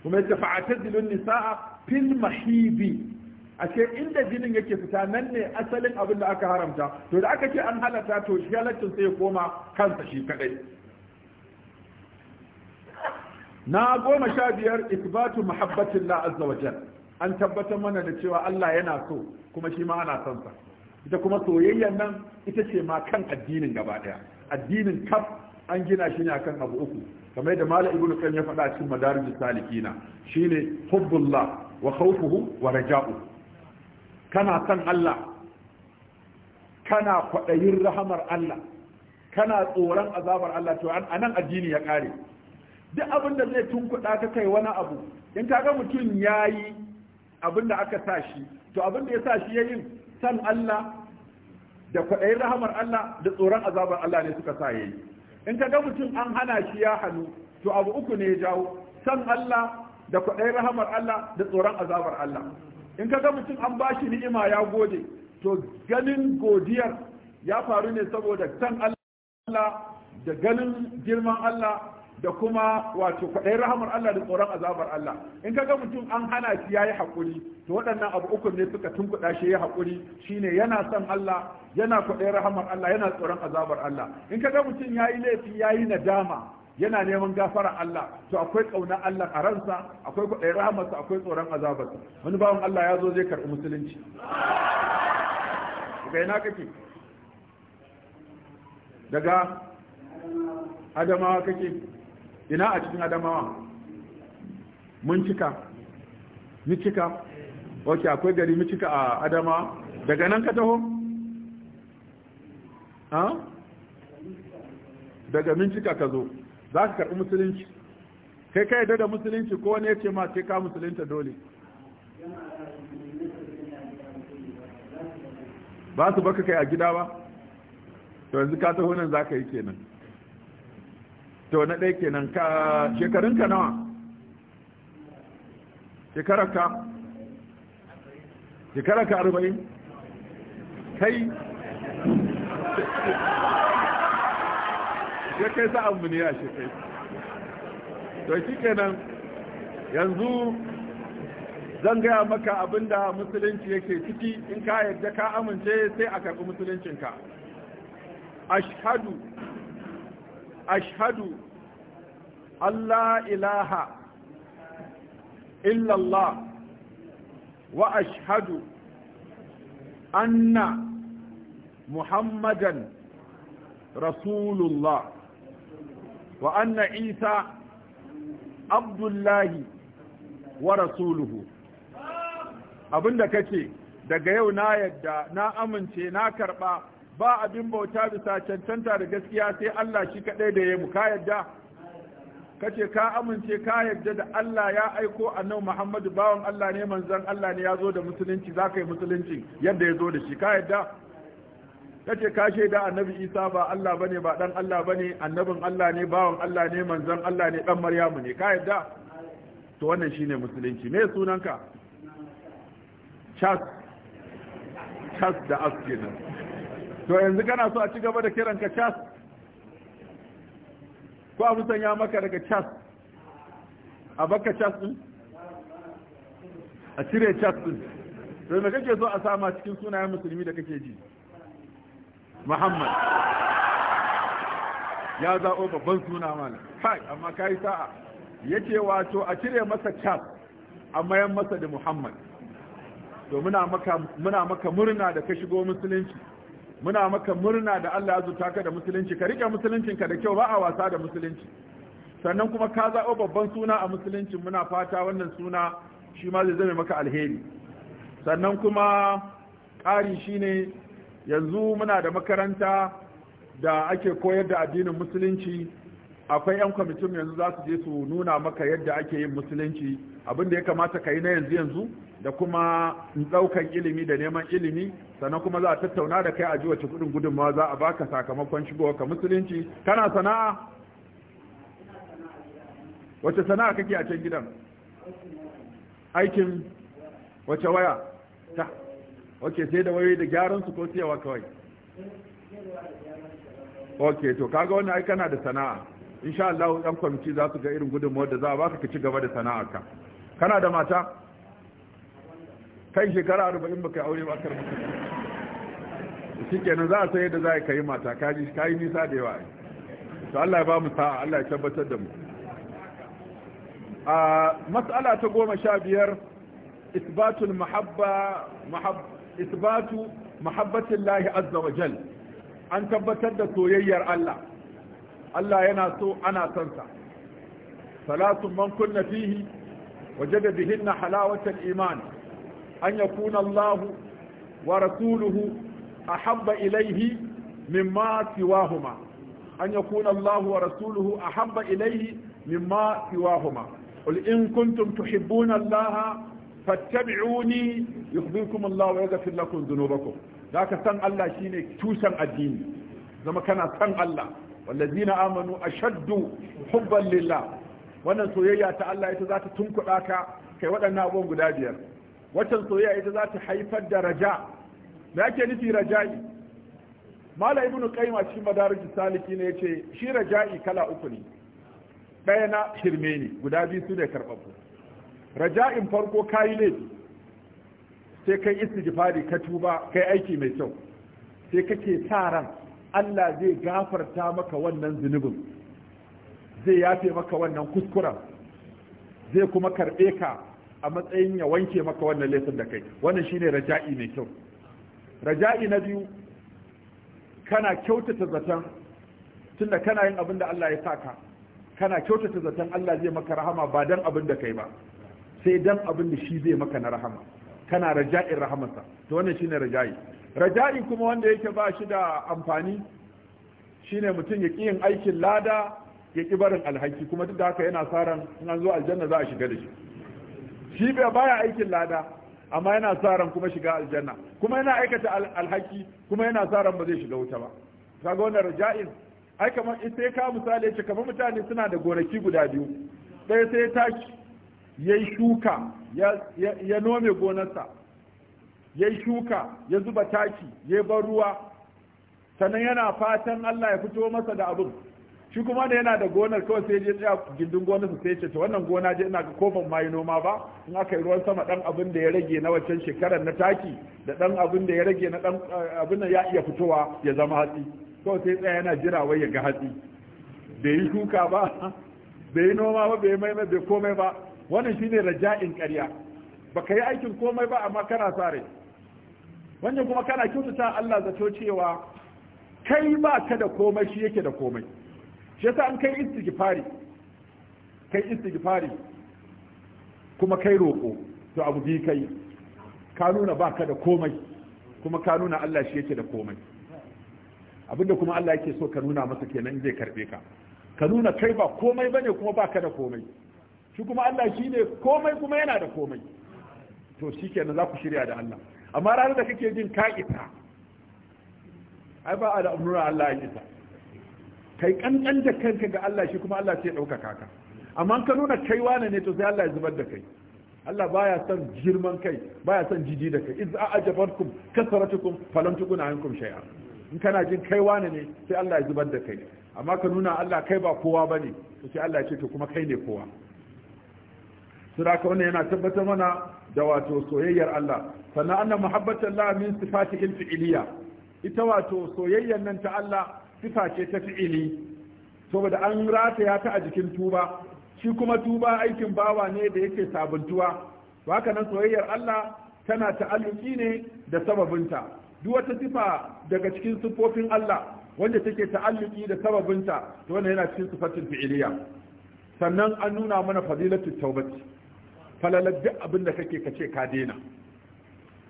kuma yace fa'atadilun nisaa fil mahidi ashe inda jinin yake fita nan ne asalin abin da aka haramta to da aka ce an halata to shi halaccin sai ya koma kansa shi kadai na goma sha biyar isbatu muhabbatin la azza wa jalla an tabbatar mana da cewa Allah yana so kuma shi ma ana son sa ita kuma soyayyar nan ita ce ma kan addinin gaba daya addinin kaf an gina shi ne akan abu uku kamar da malam ibnu kan ya faɗa cikin madarijus salikina shine hubbullah wa khawfuhu wa raja'u kana san Allah kana kwaɗayin rahamar Allah kana tsoron azabar Allah to anan addini ya kare duk abin da zai tunkuɗa ka kai wani abu in kaga mutum yayi abin da aka sa shi to abin da ya sa shi yayin san Allah da kwaɗayin rahamar Allah da tsoron azabar Allah ne suka sa yayi in ka ga mutum an hana shi ya hannu to abu uku ne ya jawo san Allah da kwaɗayin rahamar Allah da tsoron azabar Allah in ka ga mutum an bashi ni'ima ya gode to ganin godiyar ya faru ne saboda san Allah da ganin girman Allah da kuma wato kwaɗayin rahamar Allah da tsoron azabar Allah in kaga mutum an hana shi yayi hakuri to waɗannan abu uku ne suka tunkuɗa shi yayi hakuri shine yana son Allah yana kwaɗayin rahamar Allah yana tsoron azabar Allah in kaga mutum yayi laifi yayi nadama yana neman gafara Allah to akwai ƙauna Allah a ransa akwai kwaɗayin sa akwai tsoron azabarsa wani bawan Allah ya zo zai karɓi musulunci daga ina kake daga adamawa kake ina a cikin adamawa mun cika mun cika ok akwai gari mun cika a adamawa daga nan ka taho ha daga mun cika ka zo za ka karɓi musulunci kai ka yadda da musulunci ko wani ya ce ma sai ka musulunta dole ba su baka kai a gida ba to yanzu ka taho nan za ka yi kenan to na ɗaya kenan ka shekarunka nawa shekararka shekararka arba'in kai ya kai sa'an ne ya shekai to shi kenan yanzu zan gaya maka abinda musulunci yake ciki in ka yadda ka amince sai a karɓi musuluncinka ashadu ashhadu Allah ilaha illallah wa ashhadu anna muhammadan rasulullah wa anna isa abdullahi wa rasuluhu abinda kace daga yau na yadda na amince na karba ba abin bauta bisa cancanta da gaskiya sai Allah shi kaɗai da ya mu ka yadda ka ce ka amince ka yadda da Allah ya aiko annabi Muhammadu bawan Allah ne manzon Allah ne ya zo da musulunci za ka yi musulunci yadda ya zo da shi ka yadda ka ce ka shaida annabi Isa ba Allah bane ba dan Allah bane annabin Allah ne bawan Allah ne manzon Allah ne dan Maryamu ne ka yadda to wannan shine musulunci me sunanka Chas Chas da Askinan to yanzu kana so a ci gaba da kiranka cas ko a sanya maka daga cas a baka cas din a cire cas din to me kake so a sama cikin sunayen musulmi da kake ji muhammad ya zaɓo babban suna mana kai amma ka yi sa'a ya ce wato a cire masa cas a mayan masa da muhammad to muna maka murna da ka shigo musulunci muna maka murna da Allah ya zuta da musulunci ka rike musuluncinka da kyau ba a wasa da musulunci sannan kuma ka zaɓo babban suna a musulunci muna fata wannan suna shi ma zai zame maka alheri sannan kuma ƙari shine yanzu muna da makaranta da ake koyar da addinin musulunci akwai 'yan kwamitin yanzu za su je su nuna maka yadda ake yin musulunci abin da ya kamata ka yi na yanzu yanzu da kuma ɗaukan ilimi da neman ilimi sannan kuma za a tattauna da kai a ji wace kudin gudunmawa za a baka sakamakon shigowa ka musulunci kana sana'a wace sana'a kake a can gidan aikin wace waya ta ok sai da wayoyi da gyaran su ko siyawa kawai ok to kaga wannan ai kana da sana'a insha Allah ɗan kwamiti za su ga irin gudunmawar da za a baka ka ci gaba da sana'arka kana da mata kai shekara 40 baka aure ba kar mutum shikenan za a sai da za ka yi mata kaji kai nisa da yawa to Allah ya ba mu sa'a Allah ya tabbatar da mu a mas'ala ta 15 isbatul mahabba mahabba isbatu mahabbatin lahi azza wa jal an tabbatar da soyayyar Allah Allah yana so ana son sa salatun man kunna fihi وجد بهن حلاوة الإيمان أن يكون الله ورسوله أحب إليه مما سواهما أن يكون الله ورسوله أحب إليه مما سواهما قل إن كنتم تحبون الله فاتبعوني يخبركم الله ويغفر لكم ذنوبكم ذاك سن الله شيني توسن الدين زما كان سن الله والذين آمنوا أشد حبا لله wannan soyayya ta Allah ita za ta tunkuɗa ka kai waɗannan abubuwan guda biyar waccan soyayya ita za ta haifar da raja me ake nufi raja'i mala ibnu qayyim a cikin madarij saliki ne yace shi raja'i kala uku ne ɗaya na shirme ne guda biyu su ne karɓaɓɓu raja'in farko kayi laifi sai kai istighfari ka tuba kai aiki mai kyau sai kake sa ran Allah zai gafarta maka wannan zunubin zai yafe maka wannan kuskuren zai kuma karɓe ka a matsayin ya wanke maka wannan laifin da kai wannan shine raja'i mai kyau raja'i na biyu kana kyautata zaton tunda kana yin abin da Allah ya ka, kana kyautata zaton Allah zai maka rahama ba dan abin da kai ba sai dan abin da shi zai maka na rahama kana raja'in rahamarsa to wannan shine raja'i raja'i kuma wanda yake ba shi da amfani shine mutum ya ki yin aikin lada ya ki barin alhaki kuma duk da haka yana saran in an zo aljanna za a shiga da shi shi bai baya aikin lada amma yana saran kuma shiga aljanna kuma yana aikata alhaki kuma yana saran ba zai shiga wuta ba kaga wannan raja'in ai kamar sai ka misali ya ce kamar mutane suna da gonaki guda biyu ɗaya sai taki ya shuka ya nome gonarsa ya shuka ya zuba taki ya bar ruwa sannan yana fatan Allah ya fito masa da abun. shi kuma da yana da gonar kawai sai je tsaya gindin gonar su sai ce wannan gona je ina ga kofan mai noma ba in aka yi ruwan sama dan abin da ya rage na waccan shekarar na taki da dan abin da ya rage na dan eh, abin ya iya fitowa ya zama hatsi kawai sai tsaya yana jira wai ya ga hatsi bai yi shuka ba *laughs* bai yi noma ba bai mai bai komai ba wannan shine raja'in ƙarya baka yi aikin komai ba amma kana sare wannan kuma kana kyautata Allah zato cewa kai ba ka da komai shi yake da komai shi yasa an kai istighfari kai istighfari kuma kai roƙo to abu bi kai ka nuna baka da komai kuma ka nuna Allah shi yake da komai abinda kuma Allah yake so ka nuna masa kenan zai karbe ka ka nuna kai ba komai bane kuma baka da komai shi kuma Allah shi ne komai kuma yana da komai to shi kenan za ku shirya da Allah amma ranar da kake jin ka ita ai ba a da nuna Allah ya ita kai kankan da kanka ga Allah shi kuma Allah sai ɗaukaka ka amma ka nuna kai wane ne to sai Allah ya zubar da kai Allah baya son girman kai baya son jiji da kai iz a'jabatkum kasaratukum falam tukuna ankum shay'a in kana jin kai wane ne sai Allah ya zubar da kai amma ka nuna Allah kai ba kowa bane to sai Allah ya ce to kuma kai ne kowa ka wannan yana tabbatar mana da wato soyayyar Allah sannan anna muhabbatan la min sifati ilfi'iliya ita wato soyayyar nan ta Allah sifa ce ta fi'ili saboda an rataya ta a jikin tuba shi kuma tuba aikin bawa ne da yake sabuntuwa to haka nan soyayyar Allah tana ta'alluki ne da sababinta duk wata sifa daga cikin sifofin Allah wanda take ta'alluki da sababinta to wannan yana cikin sifatin fi'iliya sannan an nuna mana fadilatul taubati falalar duk abin da kake kace ka daina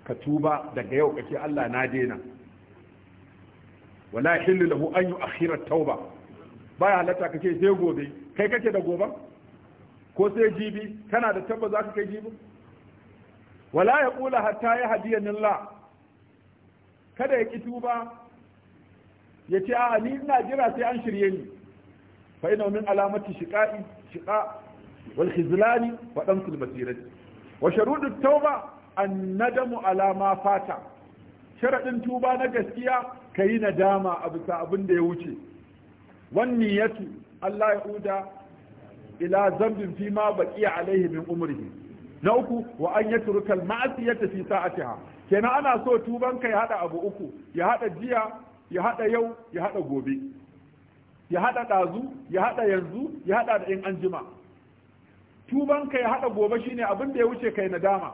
ka tuba daga yau kace Allah na dena. wala hillu lahu an yu'akhkhira tauba baya halatta kace sai gobe kai kake da goba ko sai jibi kana da tabba za ka kai jibi wala ya kula hatta ya hadiyanin la kada ya kitu ba ya ce a ni ina jira sai an shirye ni fa ina min alamati shiqa'i shiqa wal khizlani wa damtul basirati wa sharudut tauba an nadamu ala ma fata sharaɗin tuba na gaskiya ka yi nadama a bisa abin da ya wuce wani ce Allah ya huda ila zambin fi ma baqiya alaihi min umrihi na uku wa an ya tafi sa a ciha kenan ana so tuban ka ya haɗa abu uku ya haɗa jiya ya haɗa yau ya haɗa gobe ya haɗa ɗazu, ya haɗa yanzu ya haɗa da in anjima tuban ka ya haɗa gobe shine abin da ya wuce kai nadama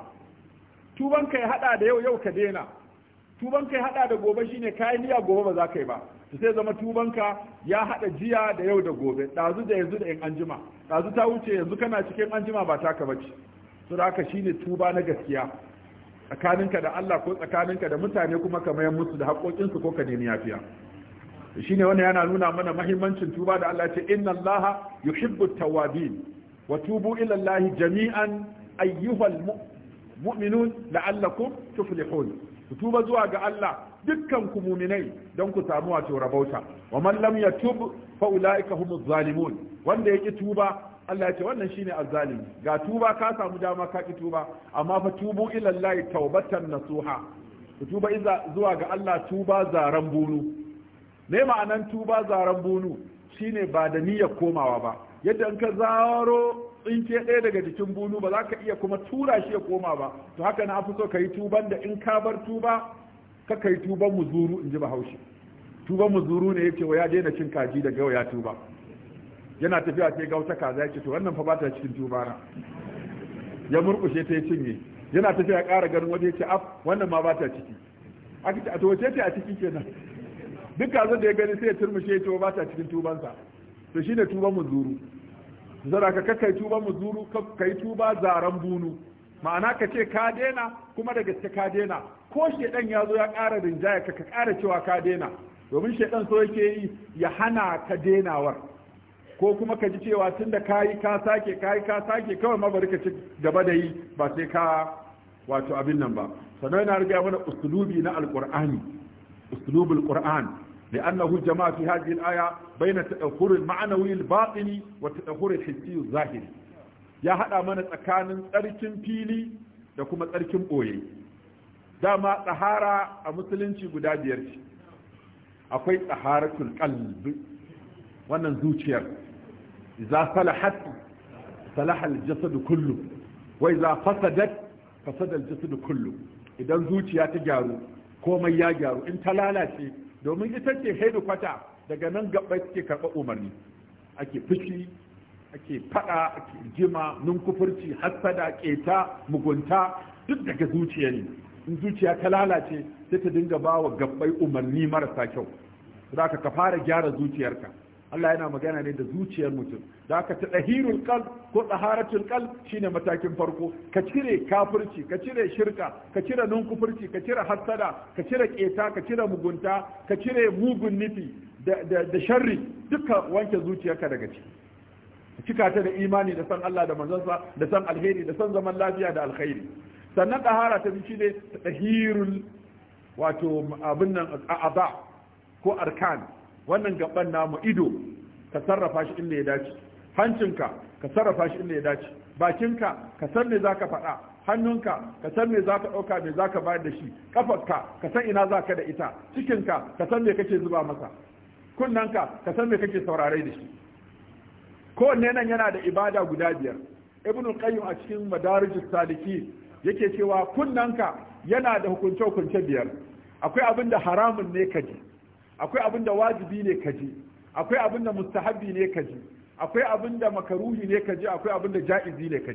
tuban ka ya haɗa da yau yau ka daina tuban kai hada da gobe shine kayan niyya gobe ba za ka yi ba to sai zama tuban ka ya hada jiya da yau da gobe dazu da yanzu da in anjima dazu ta wuce yanzu kana cikin anjima ba taka bace to haka shine tuba na gaskiya tsakaninka da Allah ko tsakaninka da mutane kuma ka mayar musu da su ko ka nemi yafiya shine wannan yana nuna mana mahimmancin tuba da Allah ce inna Allah yuhibbu tawabin wa tubu ila Allah jami'an ayyuhal mu'minun la'allakum tuflihun ku tuba zuwa ga Allah dukkan ku muminai don ku samu wato rabauta wa man lam yatub fa ulaika humuz zalimun wanda yake tuba Allah ya ce wannan shine azzalimi ga tuba ka samu dama ka ki tuba amma fa tubu ila Allah taubatan nasuha ku tuba iza zuwa ga Allah tuba zaran bunu me ma'anan tuba zaran bunu shine ba da niyyar komawa ba yadda in ka zaro tsinke ɗaya daga jikin bunu ba za ka iya kuma tura shi ya koma ba to haka na fi so ka yi tuban da in ka bar tuba ka ka yi tuban muzuru in ji bahaushe tuban muzuru ne yake wa ya daina cin kaji daga yau ya tuba yana tafiya sai gauta kaza ya ce to wannan fa ba ta cikin tuba na ya murkushe ta yi cinye yana tafiya ƙara ganin waje ya ce af wannan ma ba ta ciki aka ce a to wace ce a ciki kenan duk kazan da ya gani sai ya turmushe ya ce ba ta cikin tubansa to shine tuban muzuru zara ka kai tuba muzuru kai tuba zaran bunu ma'ana ka ce ka daina kuma daga gaske ka daina ko shedan ya zo ya ƙara rinjaya ka ka ƙara cewa ka daina domin shedan so yake yi ya hana ka dainawar ko kuma ka ji cewa tunda ka yi ka sake ka ka sake kawai ma bari ka ci gaba da yi ba sai ka wato abin nan ba sannan yana riga mana usulubi na alqur'ani usulubul qur'an لأنه جمع في هذه الآية بين التأخر المعنوي الباطني والتأخر الحسي الظاهري يا هذا من أكان تركم فيلي لكم تركم أوي داما طهارة المسلمين قد أديرش أقوي طهارة القلب wannan zuciyar za salahat salahal jasad kullu wai za fasadat fasadal jasad kullu idan zuciya ta gyaru komai ya gyaru in ta lalace domin ita ce haidu kwata daga nan gabai suke karɓar umarni ake fushi ake faɗa ake jima nunkufurci hassada keta mugunta duk daga zuciya ne in zuciya ta lalace sai ta dinga ba wa gabai umarni marasa kyau za ka fara gyara zuciyarka Allah yana magana ne da zuciyar mutum da aka ta ɗahirul kal ko ɗaharatul kal shine matakin farko ka cire kafirci ka cire shirka ka cire nunkufurci ka cire hassada ka cire ƙeta ka cire mugunta ka cire mugun nufi da sharri duka wanke zuciyarka daga ciki cika ta da imani da san Allah da manzansa da san alheri da san zaman lafiya da alkhairi sannan ɗahara ta biyu shine ɗahirul wato abin nan a'aba ko arkan wannan gaban namu ido ka sarrafa shi inda ya dace hancinka ka sarrafa shi inda ya dace bakinka ka san me zaka faɗa hannunka ka san me zaka ɗauka me zaka bayar da shi kafarka ka san ina zaka da ita cikinka ka san me kake zuba masa kunnanka ka san me kake saurare da shi kowanne nan yana da ibada guda biyar ibnu qayyim a cikin madarijus saliki yake cewa kunnanka yana da hukunce hukunce biyar akwai abin da haramun ne ka ji. akwai abin da wajibi ne ka akwai abin da mustahabi ne ka akwai abin da makaruhi ne ka akwai abin da ja'izi ne ka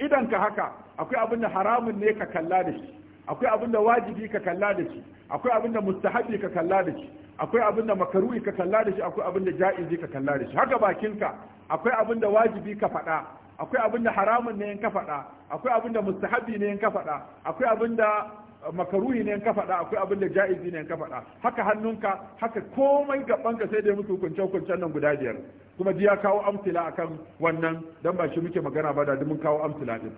idan ka haka akwai abin da haramun ne ka kalla da shi akwai abin da wajibi ka kalla da shi akwai abin da mustahabi ka kalla da shi akwai abin da makaruhi ka kalla da shi akwai abin da ja'izi ka kalla da shi haka bakinka akwai abin da wajibi ka faɗa akwai abin da haramun ne in ka faɗa akwai abin da mustahabi ne in ka faɗa akwai abin da makaruhi ne ka faɗa akwai abin da ja'izi ne ka faɗa haka hannunka haka komai ka sai dai musu kunce-kunce nan guda biyar kuma ji ya kawo amsila akan wannan dan ba shi muke magana ba da mun kawo amsila din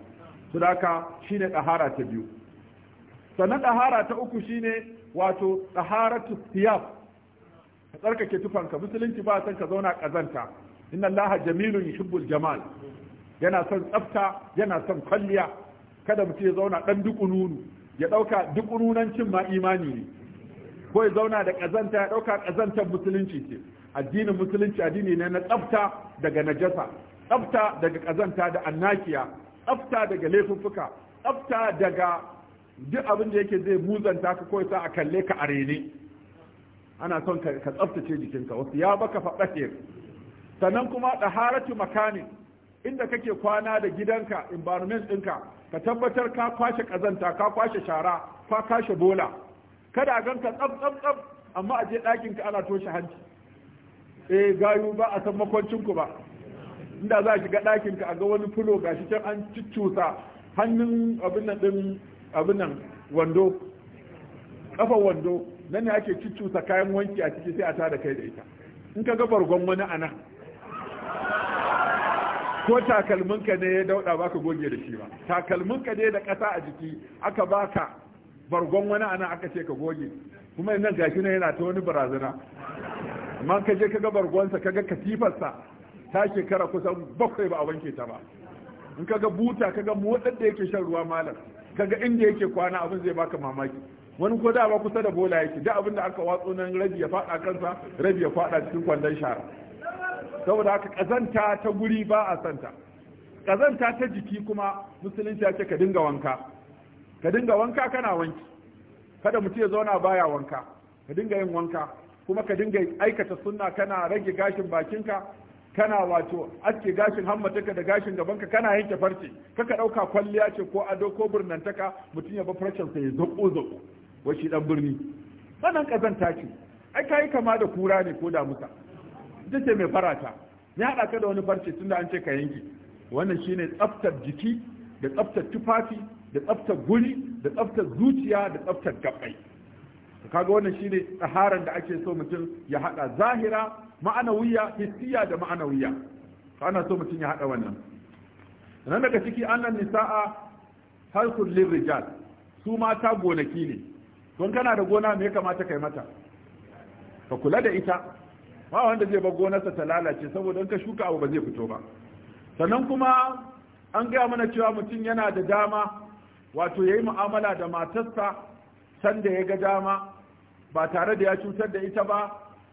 to da haka shine dahara ta biyu sannan dahara ta uku shine wato daharatu Siyaf. ka tsarkake tufanka musulunci ba san ka zauna kazanta inna allaha jamilun yuhibbul jamal yana son tsafta yana son kwalliya kada mutum ya zauna dan duku nunu ya ɗauka duk runancin ma imani ne ko ya zauna da ƙazanta ya ɗauka ƙazantar musulunci ce addinin musulunci addini ne na tsafta daga najasa tsafta daga ƙazanta da annakiya tsafta daga laifuffuka tsafta daga duk abin da yake zai muzanta ka ko sa a kalle ka a rene ana son ka tsaftace jikinka wasu ya baka faɗaɗe sannan kuma ɗaharatu makanin inda kake kwana da gidanka environment ɗinka ka tabbatar ka kwashe kazanta ka kwashe shara ka kwashe bola kada gan ka tsaf tsaf tsaf amma a je ɗakin ka ana toshe hanci eh gayu ba a san makwancin ku ba inda za ki ga ɗakin ka a ga wani fulo gashi can an cuccusa hannun abin nan din abin nan wando kafa wando nan ne ake cuccusa kayan wanki a ciki sai a tada kai da ita in ka ga bargon wani a nan ko takalminka ne ya dauda baka goge da shi ba takalminka ne da kasa a jiki aka baka bargon wani ana aka ce ka goge kuma nan gashi ne yana ta wani barazana amma ka je kaga bargonsa kaga katifarsa ta shekara kusan bakwai ba a wanke ta ba in kaga buta kaga motsar da yake shan ruwa malam kaga inda yake kwana abin zai baka mamaki wani ko da ba kusa da bola yake da abin da aka watso nan rabi ya fada kansa rabi ya faɗa cikin kwandon shara saboda haka kazanta ta guri ba a santa kazanta ta jiki kuma musulunci ya ka dinga wanka ka dinga wanka kana wanki kada mutum ya zauna baya wanka ka dinga yin wanka kuma ka dinga aikata sunna kana rage gashin bakinka kana wato aske gashin hammataka da gashin gabanka kana yanke farce kaka ɗauka kwalliya ce ko ado ko burnantaka mutum ya ba farcen sa ya zoko zoko wa shi dan birni wannan ƙazanta ce ai kai kama da kura ne ko da musa ita ce mai farata ya haɗa ka da wani farce da an ce ka yanki wannan shi ne tsaftar jiki da tsaftar tufafi da tsaftar guri da tsaftar zuciya da tsaftar gabbai kaga wannan shi ne tsaharan da ake so mutum ya haɗa zahira ma'anawiya hissiya da ma'anawiya ana so mutum ya haɗa wannan nan daga ciki annan nisa'a harsul lirrijal su mata gonaki ne don kana da gona me ya kamata ka kai mata ka kula da ita ba wanda zai bar gonarsa ta lalace saboda in ka shuka abu ba zai fito ba sannan kuma an gaya mana cewa mutum yana da dama wato ya yi mu'amala da matarsa sanda ya ga dama ba tare da ya cutar da ita ba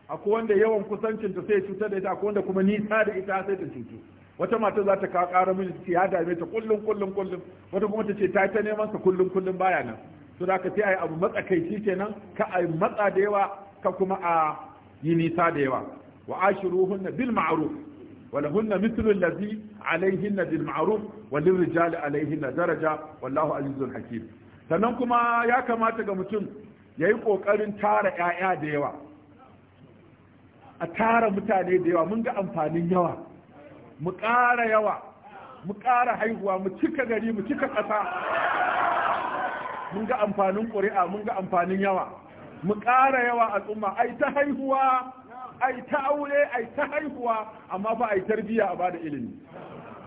akwai wanda yawan ta sai ya cutar da ita akwai wanda kuma nisa da ita sai ta cutu wata mata za ta kawo ƙara miji ya dame ta kullum kullum kullum wata kuma ta ce ta ta neman sa kullum kullum baya nan to da ka sai ayi abu matsakaici kenan ka yi matsa da yawa ka kuma a yi nisa da yawa wa ashiruhunna bil ma'ruf wa lahunna mithlu allazi alayhinna bil ma'ruf wa rijali alayhinna daraja wallahu azizul hakim sannan kuma ya kamata ga mutum yayi kokarin tara ƴaƴa da yawa a tara mutane da yawa mun ga amfanin yawa mu ƙara yawa mu ƙara haihuwa mu cika gari mu cika ƙasa mun ga amfanin ƙuri'a mun ga amfanin yawa mu ƙara yawa al'umma ai ta haihuwa ai ta aure ai ta haihuwa amma fa ai tarbiya a bada ilimi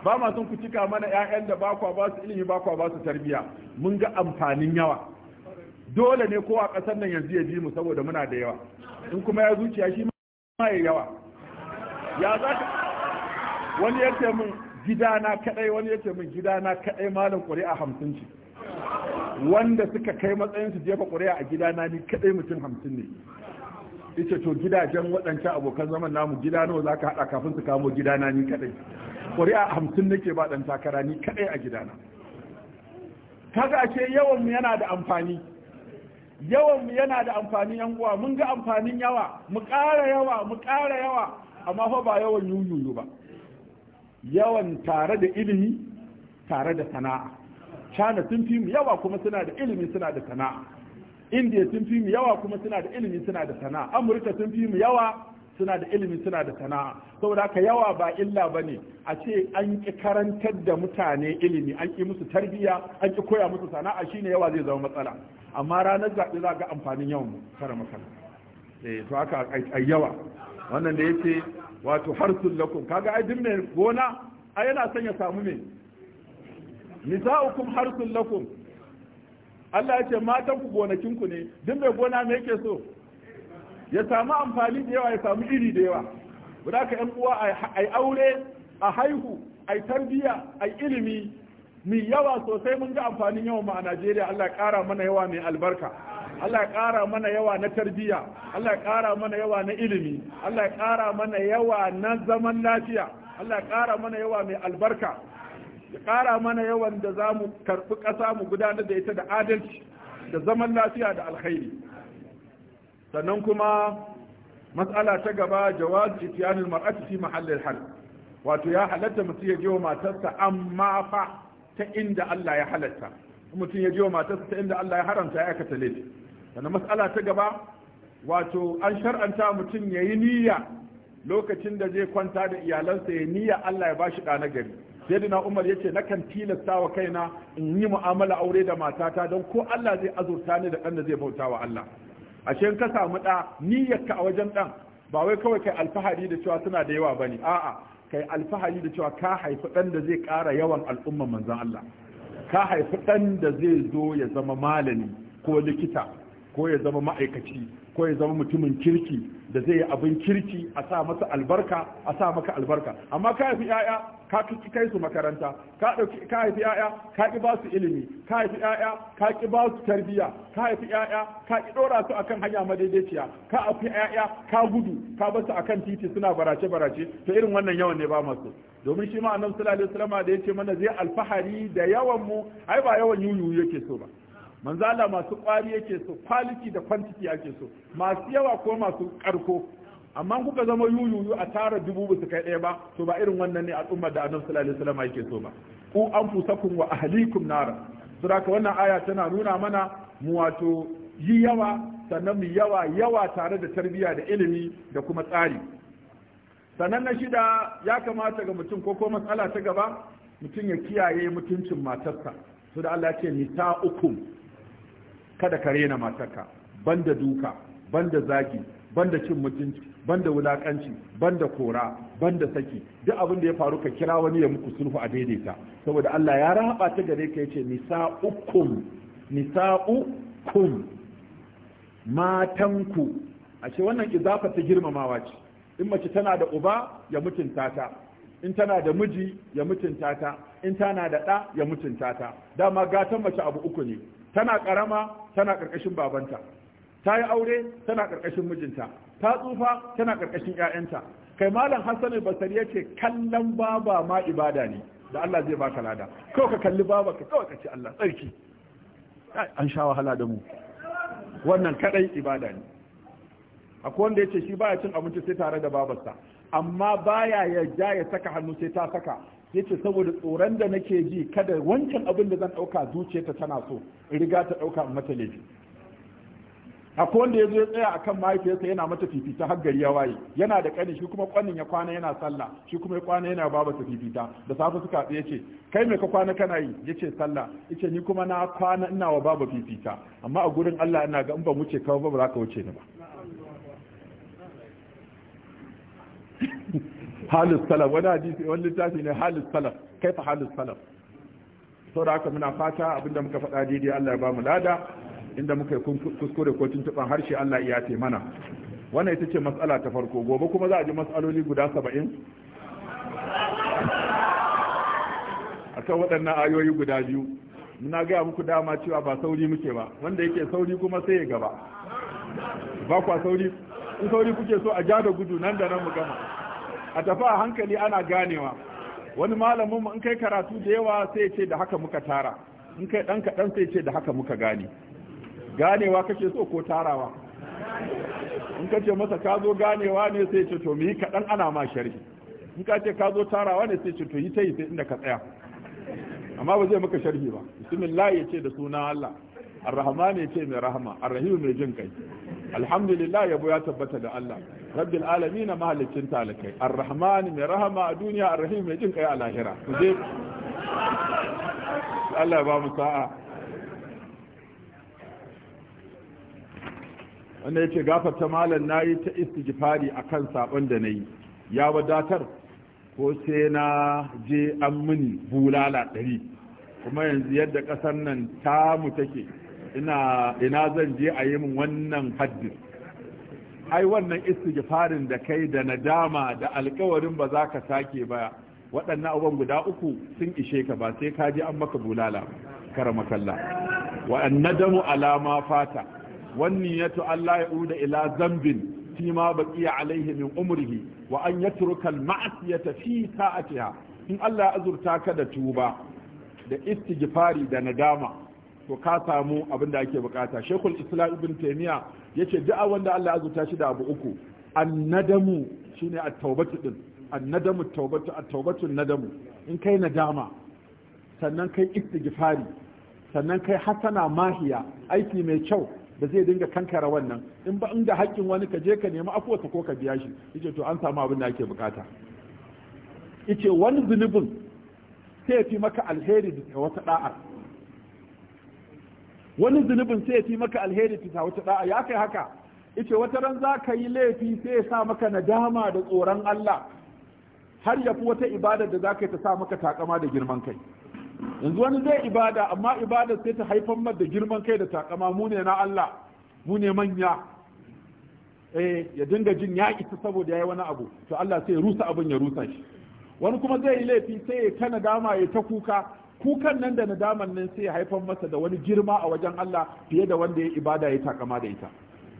ba ma son ku cika mana ƴaƴan da ba ba su ilimi ba kwa ba su tarbiya mun ga amfanin yawa dole ne kowa ƙasar nan yanzu ya ji mu saboda muna da yawa in kuma ya zuciya shi ma ya yawa ya za ka wani ya ce min gidana kadai wani ya ce min gidana kadai malam ƙuri'a hamsin ce wanda suka kai matsayin su jefa ƙuri'a a gidana ni kadai mutum hamsin ne ita to gidajen waɗancan abokan zaman namu gida nawa za ka haɗa kafin su kamo na ni kadai ƙuri'a hamsin nake ba ɗan takara ni kadai a gidana kaga ashe yawan yana da amfani yawan yana da amfani yan uwa mun ga amfanin yawa mu ƙara yawa mu ƙara yawa amma fa ba yawan yuyuyu ba yawan tare da ilimi tare da sana'a China sun fi mu yawa kuma suna da ilimi suna da sana'a India sun fi mu yawa kuma suna da ilimi suna da sana'a Amurka sun fi mu yawa suna da ilimi suna da sana'a saboda haka yawa ba illa ba ne a ce an ƙi karantar da mutane ilimi an ƙi musu tarbiyya an ƙi koya musu sana'a shine yawa zai zama matsala amma ranar zaɓe za ga amfanin yawan kare makana eh to haka a yawa wannan da yace wato harsul lakum kaga ai duk mai gona ai yana son ya samu mai. nisa'ukum harsun lakum Allah ya ce matan ku gonakin ne duk mai gona me yake so ya samu amfani da yawa ya samu iri da yawa guda ka yan uwa ai aure a haihu ai tarbiya ai ilimi mai yawa sosai mun ga amfanin yawan mu a Najeriya Allah ya kara mana yawa mai albarka Allah ya ƙara mana yawa na tarbiyya, Allah ya ƙara mana yawa na ilimi, Allah ya ƙara mana yawa na zaman lafiya, Allah ya ƙara mana yawa mai albarka, ya ƙara mana yawan da za mu karɓi ƙasa mu gudanar da ita da adalci da zaman lafiya da alkhairi sannan kuma matsala ta gaba jawaz al mar'ati fi mahallil hal wato ya halatta mutum ya je wa matarsa amma fa ta inda Allah ya halatta mutum ya je wa matarsa ta inda Allah ya haramta ya aikata laifi sannan matsala ta gaba wato an shar'anta mutum ya yi niyya lokacin da zai kwanta da iyalansa ya niyya Allah ya bashi ɗa na gari sayyidina umar yace kan tilasta wa kaina in yi mu'amala aure da matata don ko Allah zai azurta ni da ɗan da zai bauta wa Allah ashe in ka samu da niyyarka a wajen ɗan? ba wai kawai kai alfahari da cewa suna da yawa ba ne. a'a kai alfahari da cewa ka haifi ɗan da zai ƙara yawan al'umman manzon Allah ka haifi ɗan da zai zo ya zama malami ko likita ko ya zama ma'aikaci ko ya zama mutumin kirki da zai yi abin kirki a sa masa albarka a sa maka albarka amma ka haifi yaya ka kai su makaranta ka dauki ka haifi yaya ka ki ba su ilimi ka haifi yaya ka ki ba su tarbiyya ka haifi yaya ka ki dora su akan hanya madaidaiciya ka haifi yaya ka gudu ka basu akan titi suna barace barace to irin wannan yawan ne ba masu domin shi ma annabi sallallahu alaihi wasallam da yace mana zai alfahari da yawan mu ai ba yawan yuyu yake so ba manzo Allah masu kwari yake so quality da quantity ake so masu yawa ko masu karko amma kuka zama yuyuyu a tara dubu ba su kai ɗaya ba to ba irin wannan ne al'ummar da annabi sallallahu alaihi wasallam yake so ba ku anfusakum wa ahlikum nara saboda wannan aya tana nuna mana mu wato yi yawa sannan mu yawa yawa tare da tarbiyya da ilimi da kuma tsari sannan na shida ya kamata ga mutum ko ko matsala ta gaba mutum ya kiyaye mutuncin matarsa su da Allah ce uku. kada ka rena matarka banda duka banda zagi banda cin mutunci banda wulakanci banda kora banda saki duk abin da ya faru ka kira wani ya muku sulhu a daidaita saboda Allah ya rahaba ta gare ka yace nisa'ukum nisa'ukum matanku ashe wannan izafa ta girmamawa ce in mace tana da uba ya mutunta ta in tana da miji ya mutunta ta in tana da ɗa ya mutunta ta dama gatan mace abu uku ne tana karama tana karkashin babanta ta yi aure tana karkashin mijinta ta tsufa tana karkashin ƴaƴanta kai malam hassan basari yace kallon baba ma ibada ne da Allah zai baka lada kawai ka kalli baba ka kawai ka ci Allah tsarki an sha wahala da mu wannan kadai ibada ne akwai wanda yace shi baya cin abinci sai tare da babarsa amma baya ya ja ya saka hannu sai ta saka yace saboda tsoron da nake ji kada wancan abin da zan ɗauka zuciyarta tana so in riga ta ɗauka a mata laifi akwai wanda ya zo ya tsaya akan mahaifiyarsa yana mata fifita har gari ya waye yana da ƙani shi kuma ƙwanin ya kwana yana sallah shi kuma ya kwana yana baba ta fifita da safe suka tsaye yace kai me ka kwana kana yi yace sallah yace ni kuma na kwana ina wa baba fifita amma a gurin Allah ina ga in ba wuce ka ba ba za ka wuce ni ba halin salaf wani hadisi wani littafi ne halin salaf kaifa halin salaf da aka muna fata abinda muka faɗa daidai Allah ya ba mu lada inda muka kuskure ko tuntuɓan harshe Allah ya ce mana wannan ita ce matsala ta farko gobe kuma za a ji matsaloli guda saba'in a kan waɗannan ayoyi guda biyu muna gaya muku dama cewa ba sauri muke ba wanda yake sauri kuma sai ya gaba ba kwa sauri in sauri kuke so a ja da gudu nan da nan mu gama a tafi a hankali ana ganewa wani malamin mu in kai karatu da yawa sai ce da haka muka tara in kai dan kaɗan sai ce da haka muka gane ganewa kake so ko tarawa in ka ce masa ka zo ganewa ne sai ce to mu yi kaɗan ana ma sharhi in ka ce ka zo tarawa ne sai ce to yi ta yi sai inda ka tsaya amma ba zai maka sharhi ba bismillah ya ce da sunan Allah arrahman rahman ya ce mai rahama arrahim rahim mai jin kai alhamdulillah yabo ya tabbata da Allah rabbil alamin mahalicin talakai arrahman mai rahama a duniya arrahim mai jin kai a lahira kuje Allah ya ba mu sa'a wanda yake gafarta malam nayi ta istighfari akan sabon da nayi ya wadatar ko sai na je an muni bulala ɗari kuma yanzu yadda ƙasar nan tamu take ina zan je a yi min wannan haddin ai wannan istighfarin da kai da nadama da alkawarin ba za ka sake ba waɗannan abubuwan guda uku sun ishe ka ba sai ka je an maka bulala karama kalla wa annadamu alama fata. fata ya yatu Allah ya uda ila zambin fi ma baqiya alaihi min umrihi wa an yatruka al ma'siyata fi sa'atiha in Allah ya azurta ka da tuba da istighfari da nadama to ka samu abin da ake bukata shekul islam ibn ya yace duk wanda Allah ya zuta shi da abu uku annadamu shine a taubatu din annadamu taubatu a taubatu nadamu in kai nadama sannan kai istighfari sannan kai hasana mahiya aiki mai kyau da zai dinga kankara wannan in ba inda haƙƙin wani ka je ka nemi afuwarsa ko ka biya shi yace to an samu abin da ake bukata yace wani zunubin sai fi maka alheri da wata da'a wani zunubin sai ya fi maka alheri fita wata da'a ya kai haka ice wata ran za ka yi laifi sai ya sa maka nadama da tsoron Allah har ya fi wata ibada da za ka yi ta sa maka takama da girman kai yanzu wani zai ibada amma ibada sai ta haifar mar da girman kai da takama mu ne na Allah mu ne manya eh ya dinga jin ya isa saboda yayi wani abu to Allah sai ya rusa abin ya rusa shi wani kuma zai yi laifi sai ya ta nadama ya ta kuka kukan nan da nadaman nan sai ya haifar masa da wani girma a wajen Allah fiye da wanda ya ibada ya takama da ita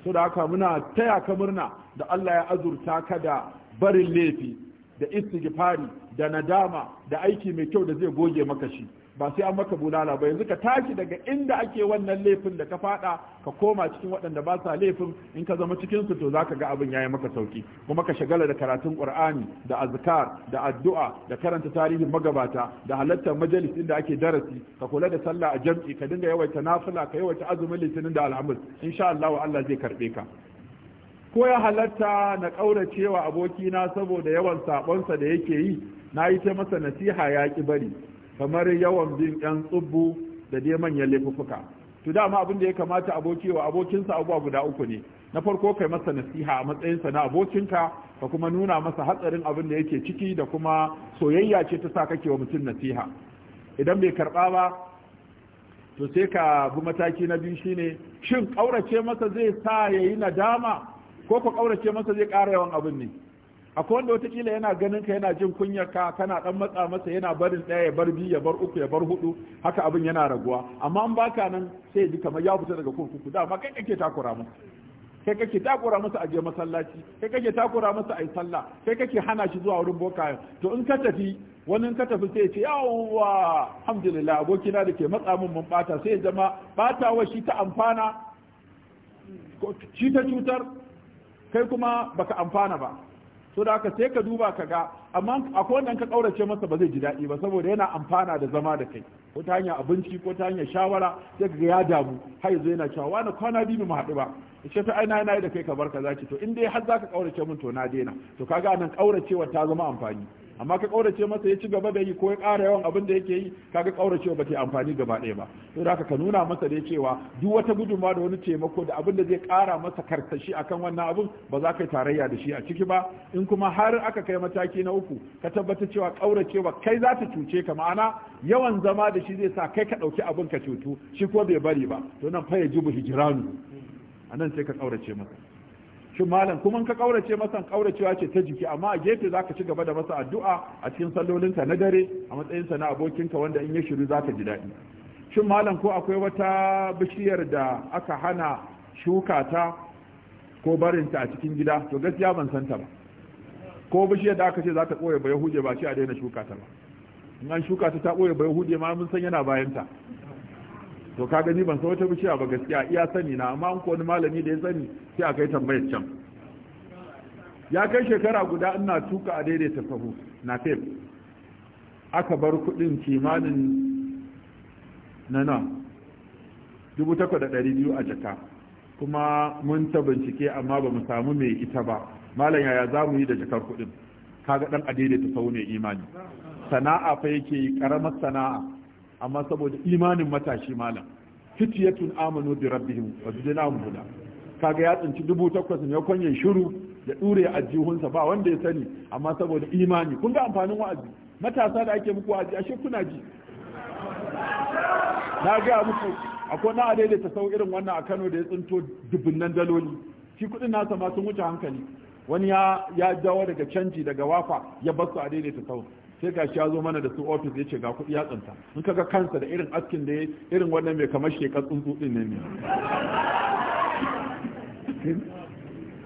so da haka muna taya ka murna da Allah ya azurta ka da barin laifi da istighfari da nadama da aiki mai kyau da zai goge maka shi ba sai an maka bulala ba yanzu ka tashi daga inda ake wannan laifin da ka fada ka koma cikin waɗanda ba sa laifin in ka zama cikin su to zaka ga abin yayi maka sauki kuma ka shagala da karatun Qur'ani da azkar da addu'a da karanta tarihin magabata da halartar majalis inda ake darasi ka kula da sallah a jam'i ka dinga yawaita nafila ka yawaita azumin litinin da alhamis insha Allah Allah zai karbe ka ko ya halatta na kauracewa abokina saboda yawan sabon sa da yake yi na yi ta masa nasiha ya ki bari kamar yawan bin yan tsubbu da dai manyan laifuka to dama abin da ya kamata aboki wa abokinsa abuwa guda uku ne na farko kai masa nasiha a matsayinsa na abokinka ka kuma nuna masa hatsarin abin da yake ciki da kuma soyayya ce ta sa kake wa mutum nasiha idan bai karɓa ba to sai ka bi mataki na biyu shine shin ƙaurace masa zai sa yayi nadama ko ka ƙaurace masa zai ƙara yawan abin ne akwai wanda watakila yana ganin ka yana jin kunyar ka kana dan matsa masa yana barin ɗaya ya bar biyu ya bar uku ya bar hudu haka abin yana raguwa amma an baka nan sai ji kamar ya fita daga kurkuku da amma kai kake takura masa kai kake takura masa a je masallaci kai kake takura masa a yi sallah kai kake hana shi zuwa wurin boka to in ka tafi wani in ka tafi sai ce yawwa alhamdulillah abokina da ke matsa min mun bata sai ya zama wa shi ta amfana shi ta cutar kai kuma baka amfana ba so da aka sai ka duba ka ga amma akwai wannan ka kaurace masa ba zai ji daɗi ba saboda yana amfana da zama da kai ko ta hanyar abinci ko ta hanyar shawara sai ka ga ya damu har yanzu yana cewa wani kwana biyu mu haɗu ba ce ta aina yana da kai ka bar ka zaki to in dai har za ka kaurace min to na daina to kaga nan kauracewa ta zama amfani amma ka kaurace masa ya ci gaba da yi ko ya ƙara yawan abin da yake yi kaga kauracewa ba ta amfani gaba ɗaya ba to haka ka nuna masa da cewa duk wata gudunma da wani taimako da abin da zai ƙara masa karkashi akan wannan abin ba za ka yi tarayya da shi a ciki ba in kuma har aka kai mataki na uku ka tabbata cewa ba kai za ta cuce ka ma'ana yawan zama da shi zai sa kai ka ɗauki abin ka cutu shi ko bai bari ba to nan fa ya jibu hijiranu a nan sai ka kaurace masa shin malam kuma ka kaurace masa kauracewa ce ta jiki amma a gefe zaka ci gaba da masa addu'a a cikin sallolinka na dare a matsayin sa na abokinka wanda in ya shiru zaka ji daɗi shin malam ko akwai wata bishiyar da aka hana shuka ta ko barinta a cikin gida to gaskiya ban san ta ba ko bishiyar da aka ce zaka koya ba yahude ba shi a daina shuka ta ba in an shuka ta ta koya ba ma mun san yana bayan ta to ka gani ban san wata bishiya ba gaskiya iya sani na amma an wani malami da ya sani sai a kai tambayar can ya kai shekara guda ina tuka a daidaita sahu na fef aka bar kudin kimanin na nan biyu a jaka kuma mun ta bincike amma ba mu samu mai ita ba malam yaya za mu yi da jakar kudin kaga dan a daidaita sahu ne imani sana'a fa yake yi karamar sana'a amma saboda imanin matashi malam fitiyatun amanu bi rabbihim wa zidnahum huda kaga ya tsinci dubu takwas ne kwanye shiru ya dure a jihunsa ba wanda ya sani amma saboda imani kun ga amfanin wa'azi matasa da ake muku wa'azi ashe kuna ji na ga muku akwai na adai da sau irin wannan a Kano da ya tsinto dubunnan daloli shi kudin nasa ma sun wuce hankali wani ya dawo daga canji daga wafa ya basu a daidaita sau sai ga shi ya zo mana da su ofis ya ce ga kuɗi ya tsinta in ka ga kansa da irin askin da ya irin wannan mai kamar shekar tsuntsu ɗin ne ne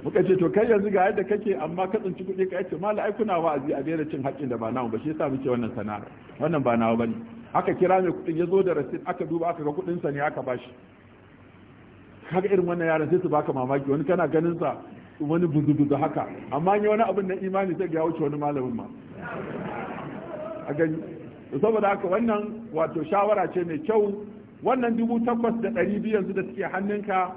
muka ce to kai yanzu ga yadda kake amma ka tsinci kuɗi ka yace mala ai kuna wa'azi a daina cin haƙƙin da ba nawa ba shi yasa muke wannan sana'ar wannan ba nawa bane aka kira mai kuɗin ya zo da rasit aka duba aka ga kuɗin sa ne aka bashi kaga irin wannan yaran sai su baka mamaki wani kana ganin sa wani buzu-buzu haka amma ne wani abin na imani sai ga wuce wani malamin ma a gani saboda haka wannan wato shawara ce mai kyau wannan dubu takwas da ɗari biyu yanzu da suke hannunka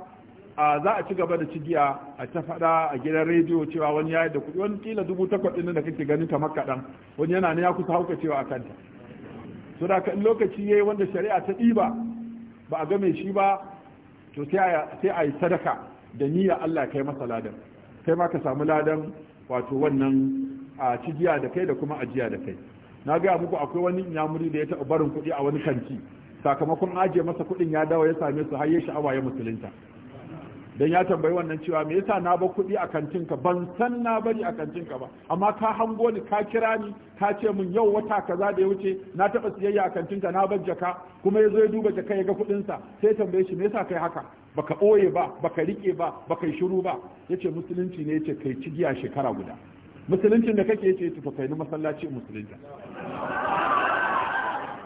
a za a ci gaba da cigiya a ta faɗa a gidan rediyo cewa wani ya yi da kuɗi wani kila dubu takwas ɗin da kake ganin kamar kaɗan wani yana ne ya kusa hauka cewa a kanta so da in lokaci ya yi wanda shari'a ta ɗiba ba a game shi ba to sai a yi sadaka da niyya Allah kai masa ladan kai ma ka samu ladan wato wannan a cigiya da kai da kuma ajiya da kai na gaya muku akwai wani inyamuri da ya taɓa barin kuɗi a wani kanti sakamakon ajiye masa kuɗin ya dawo ya same su har ya sha'awa ya musulunta dan ya tambayi wannan cewa me yasa na ba kuɗi a kantin ka? ban san na bari a kantin ka ba amma ka hango ni ka kira ni ka ce min yau wata kaza da ya wuce na taɓa siyayya a kantin ka na bar jaka kuma ya zo ya duba jaka ya ga sa sai tambaye shi me yasa kai haka baka ɓoye ba baka rike ba baka yi shiru ba yace musulunci ne yace kai ci giya shekara guda musuluncin da kake ce tufa kai masallaci musulunta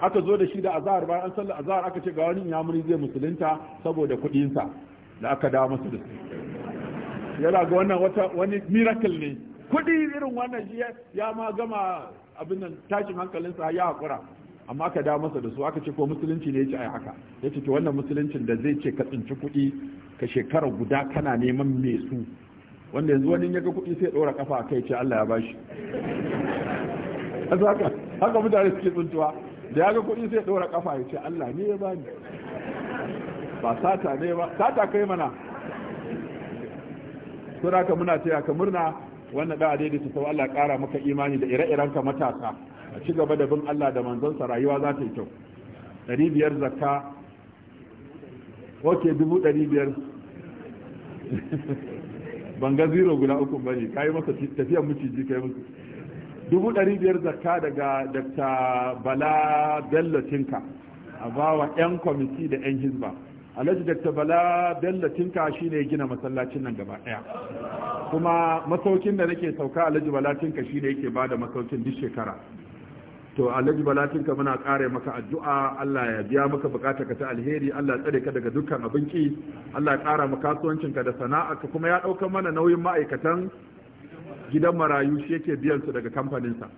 aka zo da shi da azahar bayan an sallar azahar aka ce ga wani muni zai musulunta saboda kuɗinsa da aka dawo masa da su yana ga wannan wata wani miracle ne kuɗi irin wannan shi ya ma gama abin nan tashin hankalinsa ya haƙura amma aka dawo masa da su aka ce ko musulunci ne ya ce ai haka ya ce to wannan musuluncin da zai ce ka tsinci kuɗi ka shekara guda kana neman me su wanda yanzu wani ya ga kuɗi sai ɗora kafa a kai ce Allah ya bashi haka haka mutane suke tsuntuwa da ya ga kuɗi sai ɗora kafa ya ce Allah ne ya bani ba sata ne ba sata kai mana sura ka muna ta ka murna wannan da daidai ta sau Allah ƙara maka imani da ire-iren ka matasa a ci gaba da bin Allah da manzonsa rayuwa za ta yi kyau ɗari biyar zakka ok dubu ɗari biyar *laughs* ban ga zero guda uku ba ne kayi masa tafiya ji kai musu dubu ɗari biyar zakka daga dr bala bello tinka a bawa 'yan kwamiti da 'yan hizba alhaji dr bala bello tinka shine gina masallacin nan gaba ɗaya kuma masaukin da nake sauka alhaji bala tinka shine yake bada masaukin duk shekara to alhaji balatinka muna kare maka addu'a Allah ya biya maka bukatarka ta alheri Allah tsare ka daga dukkan abinci Allah ya kara maka kasuwancinka da sana'arka kuma ya dauka mana nauyin ma'aikatan gidan marayu shi yake biyan su daga kamfanin sa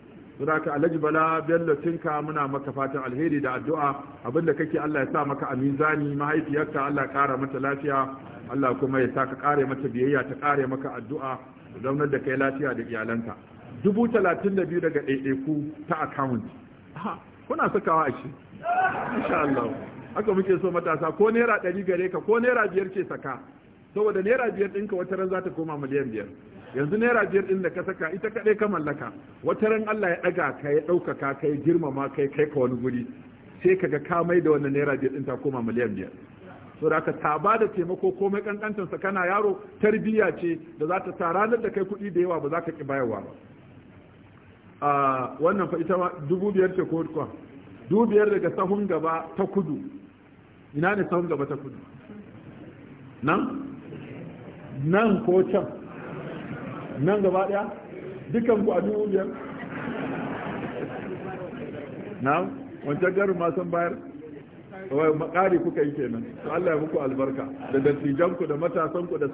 saboda alhaji bala tinka muna maka fatan alheri da addu'a abinda kake Allah ya sa maka a mizani mahaifiyarka Allah ya kara mata lafiya Allah kuma ya sa ka kare mata biyayya ta kare maka addu'a da da kai lafiya da iyalanka dubu talatin da biyu daga ɗaiɗaiku ta account kuna sakawa a shi insha Allah haka muke so matasa ko naira ɗari gare ka ko naira biyar ce saka saboda naira biyar ɗinka wata ran za ta koma miliyan biyar yanzu naira biyar ɗin da ka saka ita kaɗai ka mallaka wata ran Allah ya ɗaga ka ya ɗaukaka ka ya girmama ka ya kai ka wani guri sai ka ga kamai da wannan naira biyar ɗin ta koma miliyan biyar so da aka taba da taimako komai kankancinsa kana yaro tarbiyya ce da za ta ranar da kai kuɗi da yawa ba za ka ki bayarwa ba a wannan fa ita ma dubu biyar ce ko kwa dubu biyar daga sahun gaba ta kudu ina ne sahun gaba ta kudu nan nan ko can nan gaba daya dukan ku a dubu biyar na wancan garin ma san bayar makari kuka yi kenan to Allah ya muku albarka da dattijanku da matasanku da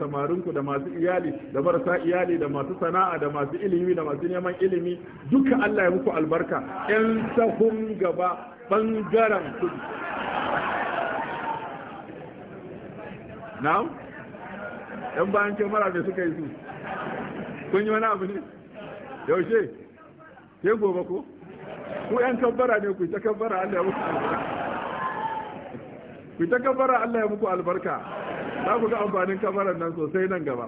ku da masu iyali da marasa iyali da masu sana'a da masu ilimi da masu neman ilimi duka Allah ya muku albarka yan sahun gaba bangaren ku na'am yan bayan kyamara da suka yi su kun yi wani abu ne yaushe ke gobe ko ku yan kabbara ne ku ta kabbara Allah ya muku albarka ku ta kabara Allah ya muku albarka za ku ga amfanin kabaran nan sosai nan gaba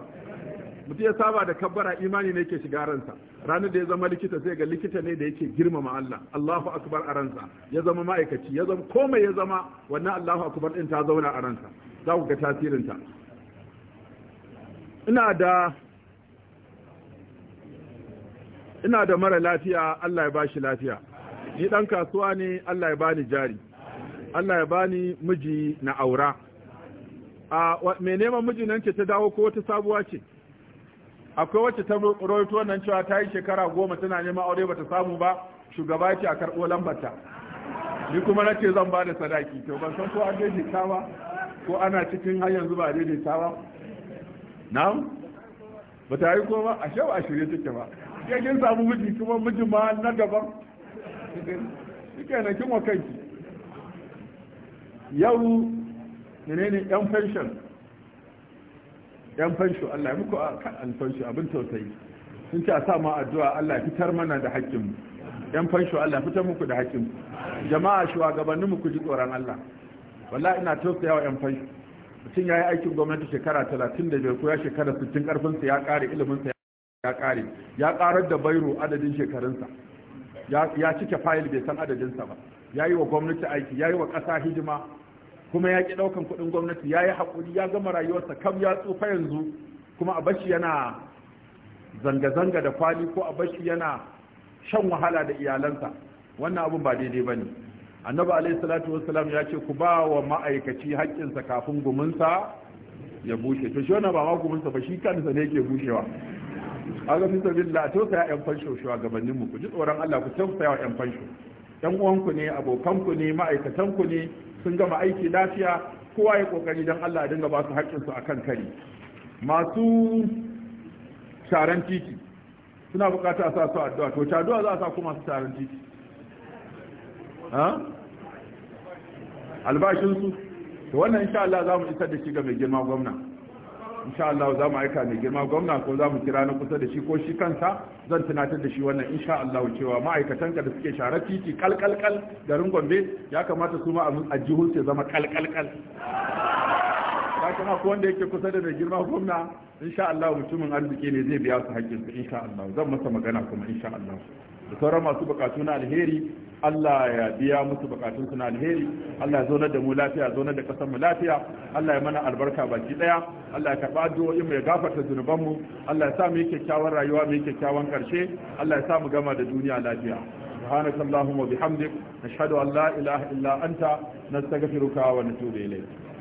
mutum ya saba da kabbara imani ne yake shiga ransa ranar da ya zama likita sai ga likita ne da yake girmama Allah Allahu akbar a ransa ya zama ma'aikaci ya zama komai ya zama wannan Allahu akbar din ta zauna a ransa za ku ga tasirinta ina da ina da mara lafiya Allah ya bashi lafiya ni dan kasuwa ne Allah ya bani jari Allah ya bani miji na aura a me neman miji nan ce ta dawo ko wata sabuwa ce akwai wacce ta rawaito nan cewa ta yi shekara goma tana neman aure bata samu ba shugaba ce a karɓo lambarta ni kuma na ce zan ba da sadaki to ban san ko an daidaita ba ko ana cikin har yanzu ba daidaita ba na'am ba ta yi ko ba a shewa a shirye take ba ke kin samu miji kuma mijin ma na daban shi na kin wa kanki yau ne yan pension yan pension Allah ya muku kan pension abin tausayi sun ce a sa ma addu'a Allah fitar mana da haƙƙinmu yan pension Allah fitar muku da haƙƙinmu jama'a shugabannin mu ku ji tsoron Allah Wala ina tausayawa yan pension mutum ya yi aikin gwamnati shekara talatin da biyar ko ya shekara sittin karfinsa ya ƙare iliminsa ya ƙare ya ƙarar da bairo adadin shekarunsa ya cike fayil bai san adadinsa ba ya yi wa gwamnati aiki ya yi wa ƙasa hidima kuma ya ki ɗaukan kuɗin gwamnati ya yi haƙuri ya gama rayuwarsa kam ya tsufa yanzu kuma a bashi yana zanga-zanga da kwali ko a bashi yana shan wahala da iyalansa wannan abun ba daidai ba ne annabi alayhi salatu wassalam ya ce ku ba wa ma'aikaci haƙƙinsa kafin guminsa ya bushe to shi wannan ba ma guminsa ba shi kansa ne yake bushewa aga fi la a tausaya yan fansho shugabannin mu ku ji tsoron Allah ku tausaya wa yan fansho yan uwanku ne abokanku ne ma'aikatanku ne sun gama aiki lafiya kowa ya kokari don Allah ya dinga ba su haƙƙinsu a kan kari masu sharan titi suna bukata sa su addu'a to ta addu'a za a sa kuma masu sharan titi albashinsu to wannan insha Allah za mu isar da shi ga mai girma gwamna insha Allah za mu aika mai girma gwamna ko za mu kira na kusa da shi ko shi kansa zan tunatar da shi wannan insha Allah cewa ma'aikatan ka da suke share titi kalkalkal garin Gombe ya kamata su ma a jihun su zama kalkalkal ba kana ko wanda yake kusa da mai girma gwamna insha Allah mutumin arziki ne zai biya su su insha Allah zan masa magana kuma insha Allah da sauran masu bukatu na alheri Allah ya biya musu bukatun su na alheri Allah ya zonar da mu lafiya zonar da kasar mu lafiya Allah ya mana albarka baki daya Allah ya karba addu'o'i mu ya gafarta zunuban mu Allah ya sa mu yi kyakkyawan rayuwa mu yi kyakkyawan karshe Allah ya sa mu gama da duniya lafiya سبحانك اللهم وبحمدك نشهد أن لا إله إلا أنت نستغفرك ونتوب إليك